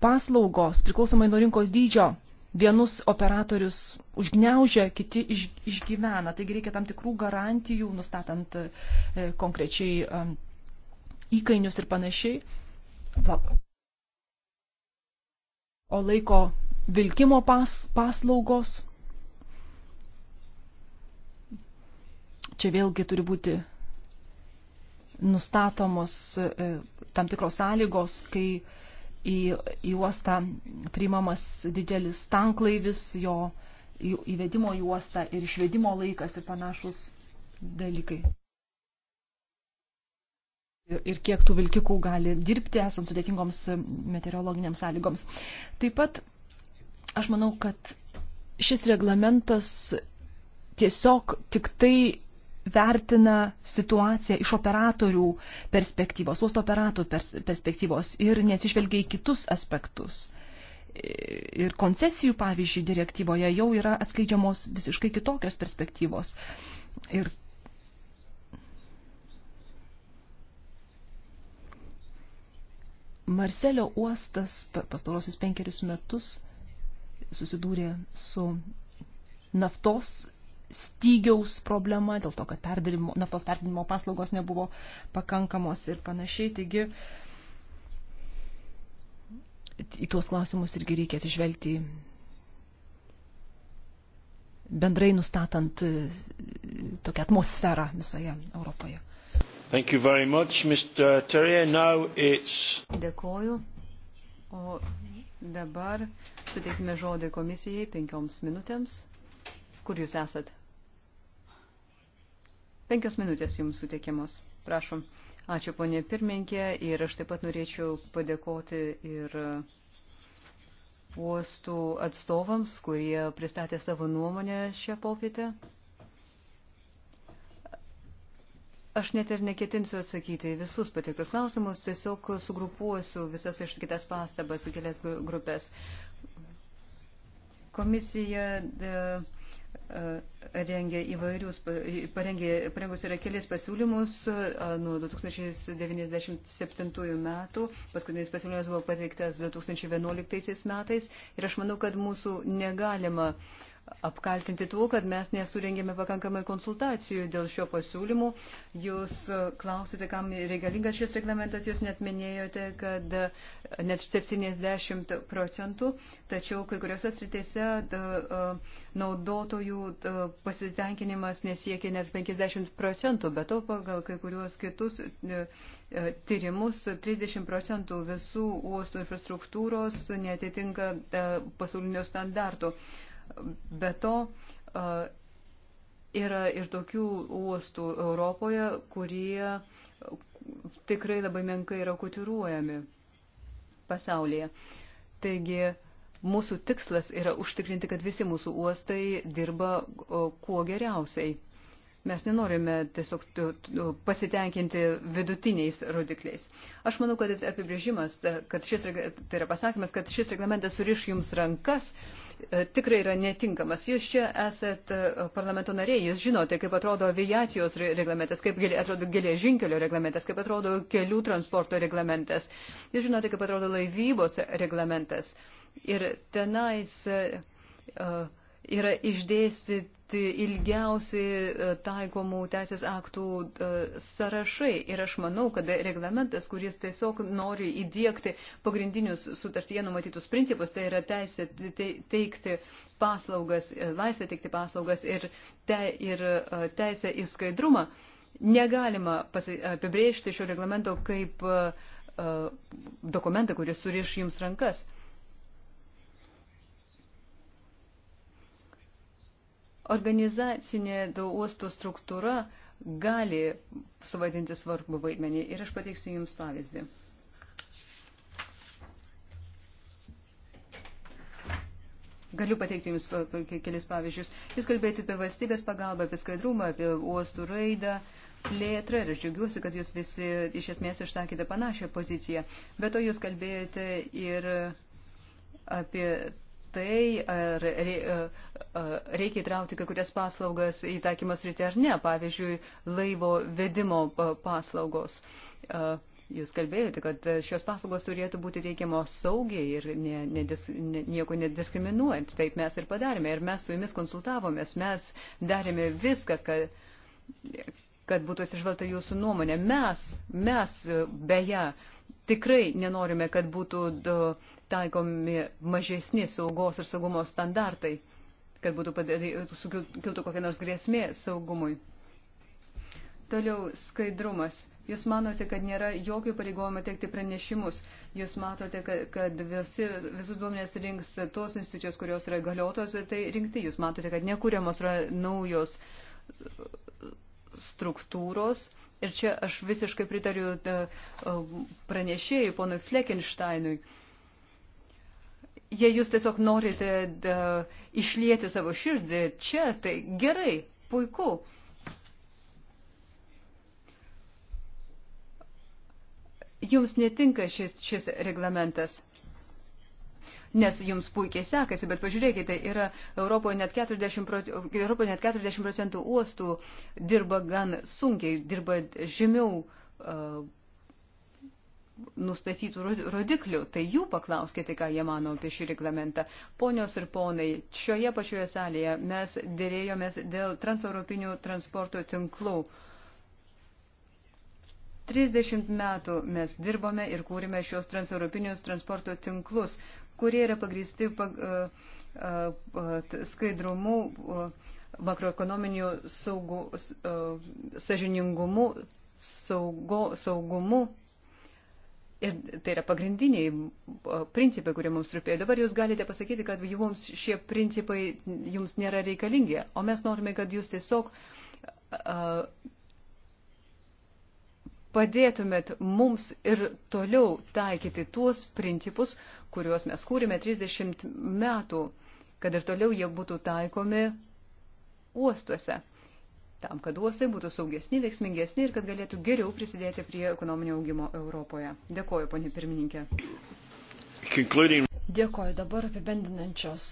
paslaugos, priklausomai nuo rinkos dydžio, vienus operatorius užgneužia, kiti iš, išgyvena. Taigi reikia tam tikrų garantijų, nustatant e, konkrečiai e, įkainius ir panašiai. O laiko vilkimo pas, paslaugos. Čia vėlgi turi būti nustatomos e, tam tikros sąlygos, kai į, į uostą priimamas didelis tanklaivis, jo įvedimo į uostą ir išvedimo laikas ir panašus dalykai. Ir kiek tų vilkikų gali dirbti, esant sudėtingoms meteorologinėms sąlygoms. Taip pat Aš manau, kad šis reglamentas tiesiog tik tai vertina situaciją iš operatorių perspektyvos, uosto operatorių pers perspektyvos ir neatsižvelgia į kitus aspektus. Ir koncesijų, pavyzdžiui, direktyvoje jau yra atskleidžiamos visiškai kitokios perspektyvos. Ir Marselio uostas pastarosius penkerius metus susidūrė su naftos stygiaus problema, dėl to, kad perdirimo, naftos perdirimo paslaugos nebuvo pakankamos ir panašiai. Taigi į tuos klausimus irgi reikia atsižvelgti bendrai nustatant e, tokią atmosferą visoje Europoje. Thank you very much, Mr. Terrier. Now it's... Dėkoju. O Dabar suteiksime žodį komisijai penkioms minutėms. Kur jūs esat? Penkios minutės jums suteikiamos. Prašom. Ačiū, ponė pirmininkė. Ir aš taip pat norėčiau padėkoti ir uostų atstovams, kurie pristatė savo nuomonę šią popietę. Aš net ir neketinsiu atsakyti visus patiktus klausimus, tiesiog sugrupuosiu visas išsakytas pastabas į kelias grupės. Komisija de, e, rengia įvairius, parengė, parengus yra kelias pasiūlymus e, nuo 2097 metų, paskutinis pasiūlymas buvo pateiktas 2011 metais ir aš manau, kad mūsų negalima uh, apkaltinti tuo, kad mes nesurengėme pakankamai konsultacijų dėl šio pasiūlymų. Jūs e, klausite, kam reikalingas šis reglamentas, jūs net minėjote, kad e, net 70 procentų, tačiau kai kuriuose sritėse e, naudotojų pasitenkinimas nesiekia net 50 procentų, bet to pagal kai kuriuos kitus tyrimus 30 procentų visų uostų infrastruktūros netitinka pasaulinio standarto. Be to, yra ir tokių uostų Europoje, kurie tikrai labai menkai yra kotiruojami pasaulyje. Taigi, mūsų tikslas yra užtikrinti, kad visi mūsų uostai dirba kuo geriausiai. Mes nenorime tiesiog pasitenkinti vidutiniais rodikliais. Aš manau, kad apibrėžimas, kad šis, tai yra pasakymas, kad šis reglamentas suriš jums rankas, e, tikrai yra netinkamas. Jūs čia esat e, parlamento nariai, jūs žinote, kaip atrodo aviacijos reglamentas, kaip atrodo geležinkelio reglamentas, kaip atrodo kelių transporto reglamentas. Jūs žinote, kaip atrodo laivybos reglamentas. Ir tenais. Uh, yra išdėstyti ilgiausi e, taikomų teisės aktų e, sąrašai. Ir aš manau, kad reglamentas, kuris tiesiog nori įdėkti pagrindinius sutartyje numatytus principus, tai yra teisė teikti paslaugas, e, laisvė teikti paslaugas ir, te, ir teisė į skaidrumą, negalima pasi, apibrėžti šio reglamento kaip dokumentą, kuris suriš jums rankas. Organizacinė uosto struktūra gali suvadinti svarbų vaidmenį ir aš pateiksiu Jums pavyzdį. Galiu pateikti Jums kelis pavyzdžius. Jūs kalbėjote apie valstybės pagalbą, apie skaidrumą, apie uostų raidą, plėtrą ir aš džiaugiuosi, kad Jūs visi iš esmės išsakėte panašią poziciją. Bet to Jūs kalbėjote ir apie tai, ar e, e, reikia įtraukti kai kurias paslaugas į taikymas rytį ar ne, pavyzdžiui, laivo vedimo e, paslaugos. Jūs kalbėjote, kad šios paslaugos turėtų būti teikiamos saugiai ir ne, nedis, ne, nieko nediskriminuojant. Taip mes ir padarėme. Ir mes su jumis konsultavomės. Mes darėme viską, kad, kad būtų atsižvelgta jūsų nuomonė. Mes, mes beje, tikrai nenorime, kad būtų taikomi mažesni saugos ir saugumo standartai, kad būtų sukiltų kokia nors grėsmė saugumui. Toliau skaidrumas. Jūs manote, kad nėra jokio pareigojimo teikti pranešimus. Jūs matote, kad, kad visi, visus duomenės rinks tos institucijos, kurios yra galiotos, tai rinkti. Jūs matote, kad nekūriamos yra naujos struktūros, Ir čia aš visiškai pritariu e, e, pranešėjai, ponui Fleckensteinui. Jei jūs tiesiog norite da, e, išlieti savo širdį čia, tai gerai, puiku. Jums netinka šis, šis reglamentas nes jums puikiai sekasi, bet pažiūrėkite, yra Europoje net 40, Europoje net 40 procentų uostų dirba gan sunkiai, dirba žemiau uh, nustatytų rodiklių, tai jų paklauskite, ką jie mano apie šį reglamentą. Ponios ir ponai, šioje pačioje salėje mes dėrėjomės dėl transeuropinių transporto tinklų. 30 metų mes dirbome ir kūrėme šios transeuropinius transporto tinklus, kurie yra pagristi skaidrumu, makroekonominiu saugu, sažiningumu, saugo, saugumu. Ir tai yra pagrindiniai principai, kurie mums rūpėjo. Dabar jūs galite pasakyti, kad jums šie principai jums nėra reikalingi, o mes norime, kad jūs tiesiog padėtumėt mums ir toliau taikyti tuos principus, kuriuos mes kūrėme 30 metų, kad ir toliau jie būtų taikomi uostuose, tam, kad uostai būtų saugesni, veiksmingesni ir kad galėtų geriau prisidėti prie ekonominio augimo Europoje. Dėkoju, ponė pirmininkė. Dėkoju dabar apibendinančios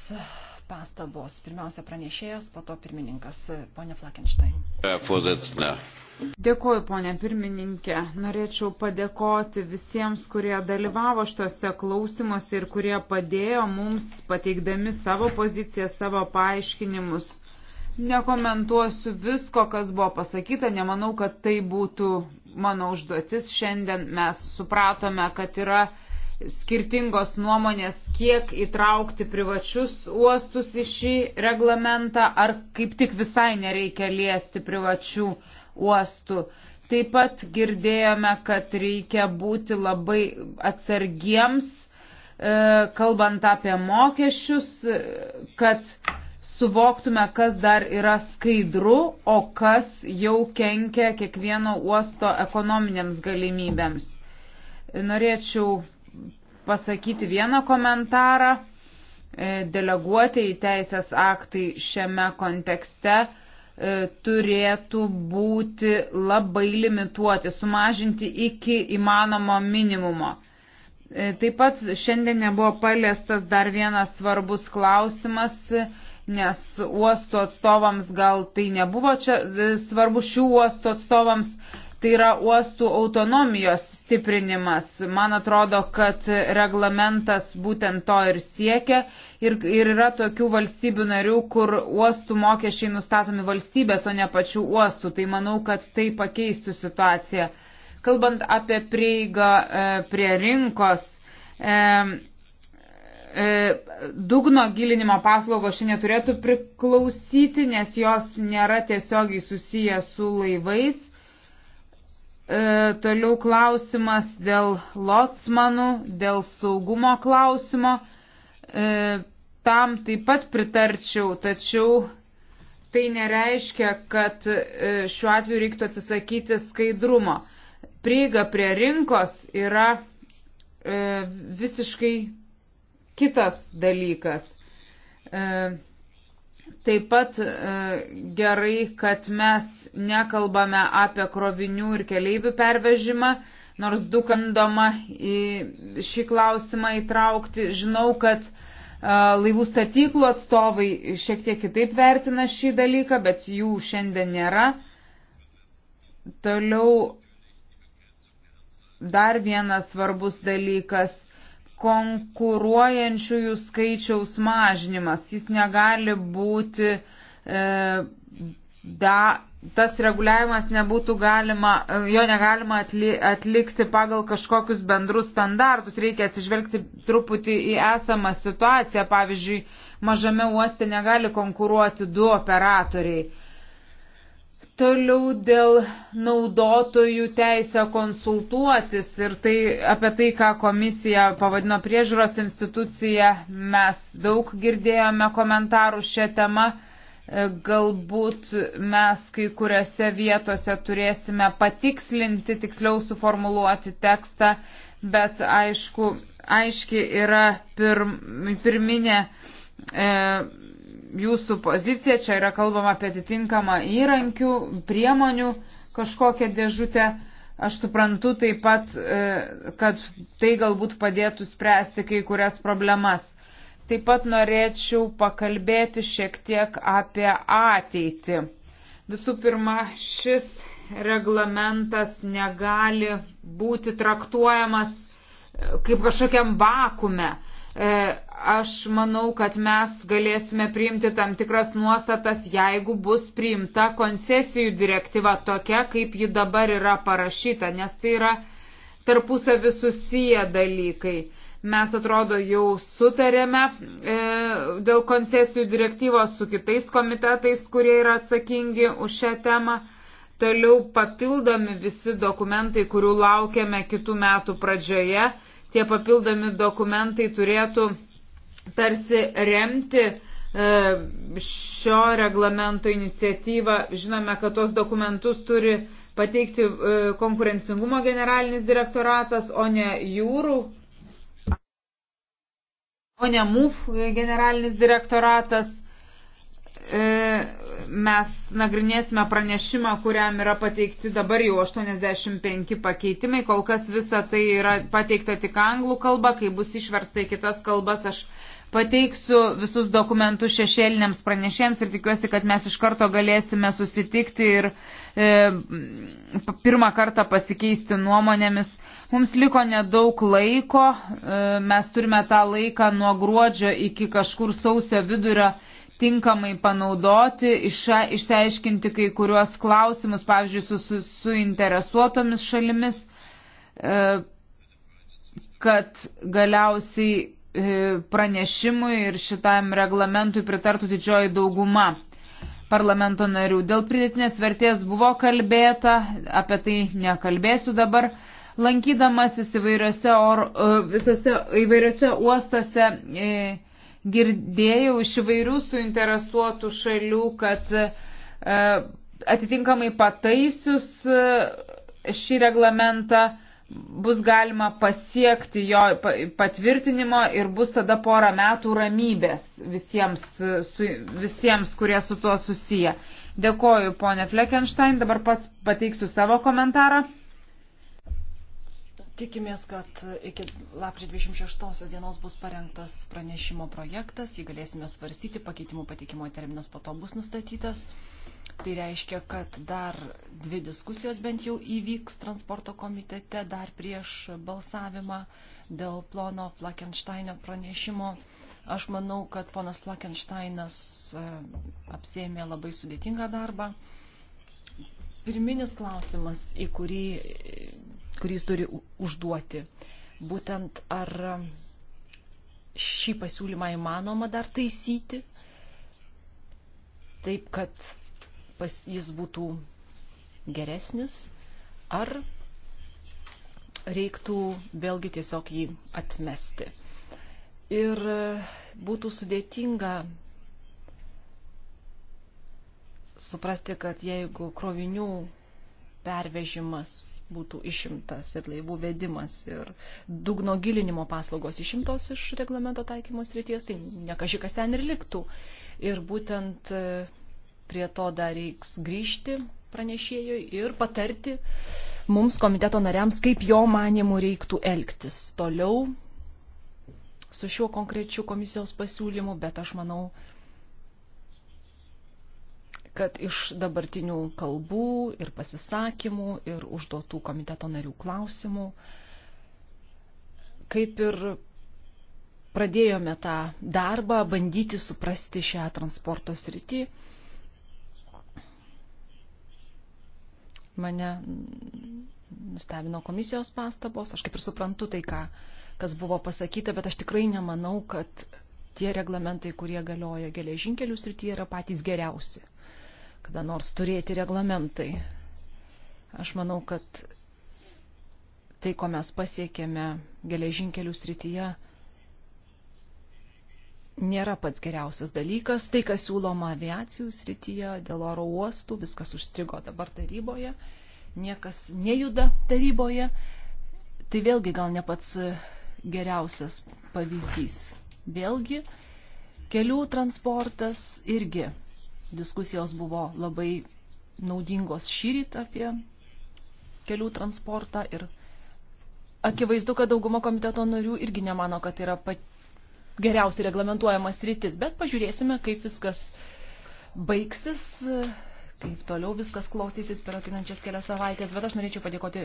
pastabos. Pirmiausia pranešėjas, po to pirmininkas, ponė Flakenstein. Dėkuoju, ponė pirmininkė. Norėčiau padėkoti visiems, kurie dalyvavo šiuose klausimuose ir kurie padėjo mums pateikdami savo poziciją, savo paaiškinimus. Nekomentuosiu visko, kas buvo pasakyta, nemanau, kad tai būtų mano užduotis. Šiandien mes supratome, kad yra skirtingos nuomonės, kiek įtraukti privačius uostus į šį reglamentą, ar kaip tik visai nereikia liesti privačių uostų uostų. Taip pat girdėjome, kad reikia būti labai atsargiems, e, kalbant apie mokesčius, e, kad suvoktume, kas dar yra skaidru, o kas jau kenkia kiekvieno uosto ekonominėms galimybėms. Norėčiau pasakyti vieną komentarą. E, Deleguoti į teisės aktai šiame kontekste E, turėtų būti labai limituoti, sumažinti iki įmanomo minimumo. E, taip pat šiandien nebuvo paliestas dar vienas svarbus klausimas, nes uosto atstovams gal tai nebuvo čia e, svarbu šių uosto atstovams, tai yra uostų autonomijos stiprinimas. Man atrodo, kad reglamentas būtent to ir siekia Ir, ir yra tokių valstybių narių, kur uostų mokesčiai nustatomi valstybės, o ne pačių uostų. Tai manau, kad tai pakeistų situaciją. Kalbant apie prieigą e, prie rinkos, e, e, dugno gilinimo paslaugos šiandien turėtų priklausyti, nes jos nėra tiesiogiai susiję su laivais. E, toliau klausimas dėl lotsmanų, dėl saugumo klausimo. E, E, tam taip pat pritarčiau, tačiau tai nereiškia, kad e, šiuo atveju reiktų atsisakyti skaidrumo. Prieiga prie rinkos yra e, visiškai kitas dalykas. Taip pat gerai, kad mes nekalbame apie krovinių ir keleivių pervežimą, nors du kandoma į šį klausimą įtraukti. Žinau, kad e, laivų statyklų atstovai šiek tiek kitaip vertina šį dalyką, bet jų šiandien nėra. Toliau dar vienas svarbus dalykas konkuruojančiųjų skaičiaus mažinimas. Jis negali būti e, da, tas reguliavimas nebūtų galima, jo negalima atlikti pagal kažkokius bendrus standartus. Reikia atsižvelgti truputį į esamą situaciją. Pavyzdžiui, mažame uoste negali konkuruoti du operatoriai. Toliau dėl naudotojų teisę konsultuotis ir tai, apie tai, ką komisija pavadino priežiūros institucija, mes daug girdėjome komentarų šią temą. E, galbūt mes kai kuriuose vietose turėsime patikslinti, tiksliau suformuluoti tekstą, bet aišku, aiški yra pirm, pirminė e, jūsų pozicija, čia yra kalbama apie atitinkamą įrankių, priemonių kažkokią dėžutę. Aš suprantu taip pat, e, kad tai galbūt padėtų spręsti kai kurias problemas. Taip pat norėčiau pakalbėti šiek tiek apie ateitį. Visų pirma, šis reglamentas negali būti traktuojamas e, kaip kažkokiam vakume. E, aš manau, kad mes galėsime priimti tam tikras nuostatas, jeigu bus priimta koncesijų direktyva tokia, kaip ji dabar yra parašyta, nes tai yra tarpusavį susiję dalykai Mes atrodo jau sutarėme e, dėl koncesijų direktyvos su kitais komitetais, kurie yra atsakingi už šią temą. Toliau papildomi visi dokumentai, kurių laukiame kitų metų pradžioje. Tie papildomi dokumentai turėtų tarsi remti e, šio reglamento iniciatyvą. Žinome, kad tos dokumentus turi pateikti e, konkurencingumo generalinis direktoratas, o ne jūrų o ne MUF generalinis direktoratas. E, mes nagrinėsime pranešimą, kuriam yra pateikti dabar jau 85 pakeitimai. Kol kas visa tai yra pateikta tik anglų kalba, kai bus išversta į kitas kalbas, aš pateiksiu visus dokumentus šešėliniams pranešėjams ir tikiuosi, kad mes iš karto galėsime susitikti ir e, pirmą kartą pasikeisti nuomonėmis Mums liko nedaug laiko, e, mes turime tą laiką nuo gruodžio iki kažkur sausio vidurio tinkamai panaudoti, iša, išsiaiškinti kai kuriuos klausimus, pavyzdžiui, su, su, su interesuotomis šalimis, e, kad galiausiai e, pranešimui ir šitam reglamentui pritartų didžioji dauguma parlamento narių. Dėl pridėtinės vertės buvo kalbėta, apie tai nekalbėsiu dabar. Lankydamasis įvairiose, or, e, visose, įvairiose uostose e, girdėjau iš įvairių suinteresuotų šalių, kad e, atitinkamai pataisius šį reglamentą bus galima pasiekti jo patvirtinimo ir bus tada porą metų ramybės visiems, su, visiems kurie su tuo susiję. Dėkoju, ponė Fleckenstein, dabar pats pateiksiu savo komentarą. Tikimės, kad iki lapkričio 26 dienos bus parengtas pranešimo projektas, jį galėsime svarstyti, pakeitimų patikimo terminas po to bus nustatytas. Tai reiškia, kad dar dvi diskusijos bent jau įvyks transporto komitete dar prieš balsavimą dėl plono Flakensteino pranešimo. Aš manau, kad ponas Flakensteinas e, apsėmė labai sudėtingą darbą. Pirminis klausimas, į kurį kurį jis turi užduoti. Būtent ar šį pasiūlymą įmanoma dar taisyti, taip kad pas, jis būtų geresnis, ar reiktų vėlgi tiesiog jį atmesti. Ir būtų sudėtinga suprasti, kad jeigu krovinių pervežimas būtų išimtas ir laivų vedimas ir dugno gilinimo paslaugos išimtos iš reglamento taikymos ryties, tai nekažikas ten ir liktų. Ir būtent e, prie to dar reiks grįžti pranešėjui ir patarti mums komiteto nariams, kaip jo manimų reiktų elgtis toliau su šiuo konkrečiu komisijos pasiūlymu, bet aš manau, kad iš dabartinių kalbų ir pasisakymų ir užduotų komiteto narių klausimų, kaip ir pradėjome tą darbą, bandyti suprasti šią transporto sritį, mane nustebino komisijos pastabos. Aš kaip ir suprantu tai, ką, kas buvo pasakyta, bet aš tikrai nemanau, kad tie reglamentai, kurie galioja geležinkelių srityje, yra patys geriausi kada nors turėti reglamentai. Aš manau, kad tai, ko mes pasiekėme geležinkelių srityje, nėra pats geriausias dalykas. Tai, kas siūloma aviacijų srityje, dėl oro uostų, viskas užstrigo dabar taryboje, niekas nejuda taryboje. Tai vėlgi gal ne pats geriausias pavyzdys. Vėlgi, kelių transportas irgi Diskusijos buvo labai naudingos šyryt apie kelių transportą ir akivaizdu, kad daugumo komiteto narių irgi nemano, kad yra pat geriausiai reglamentuojamas rytis, bet pažiūrėsime, kaip viskas baigsis kaip toliau viskas klausysis per atinančias kelias savaitės, bet aš norėčiau padėkoti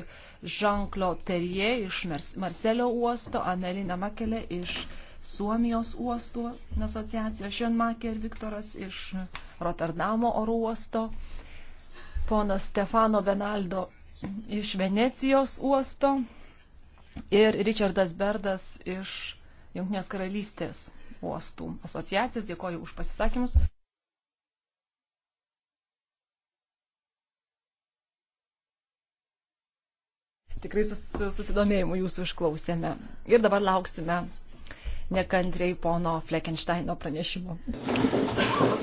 Žanklo Terje iš Marselio uosto, Anelina Makelė iš Suomijos uostų asociacijos Šenmakė ir Viktoras iš Rotterdamo oro uosto, ponas Stefano Benaldo iš Venecijos uosto ir Richardas Berdas iš Junktinės karalystės uostų asociacijos. Dėkoju už pasisakymus. Tikrai susidomėjimu jūsų išklausėme. Ir dabar lauksime nekantriai pono Fleckensteino pranešimo.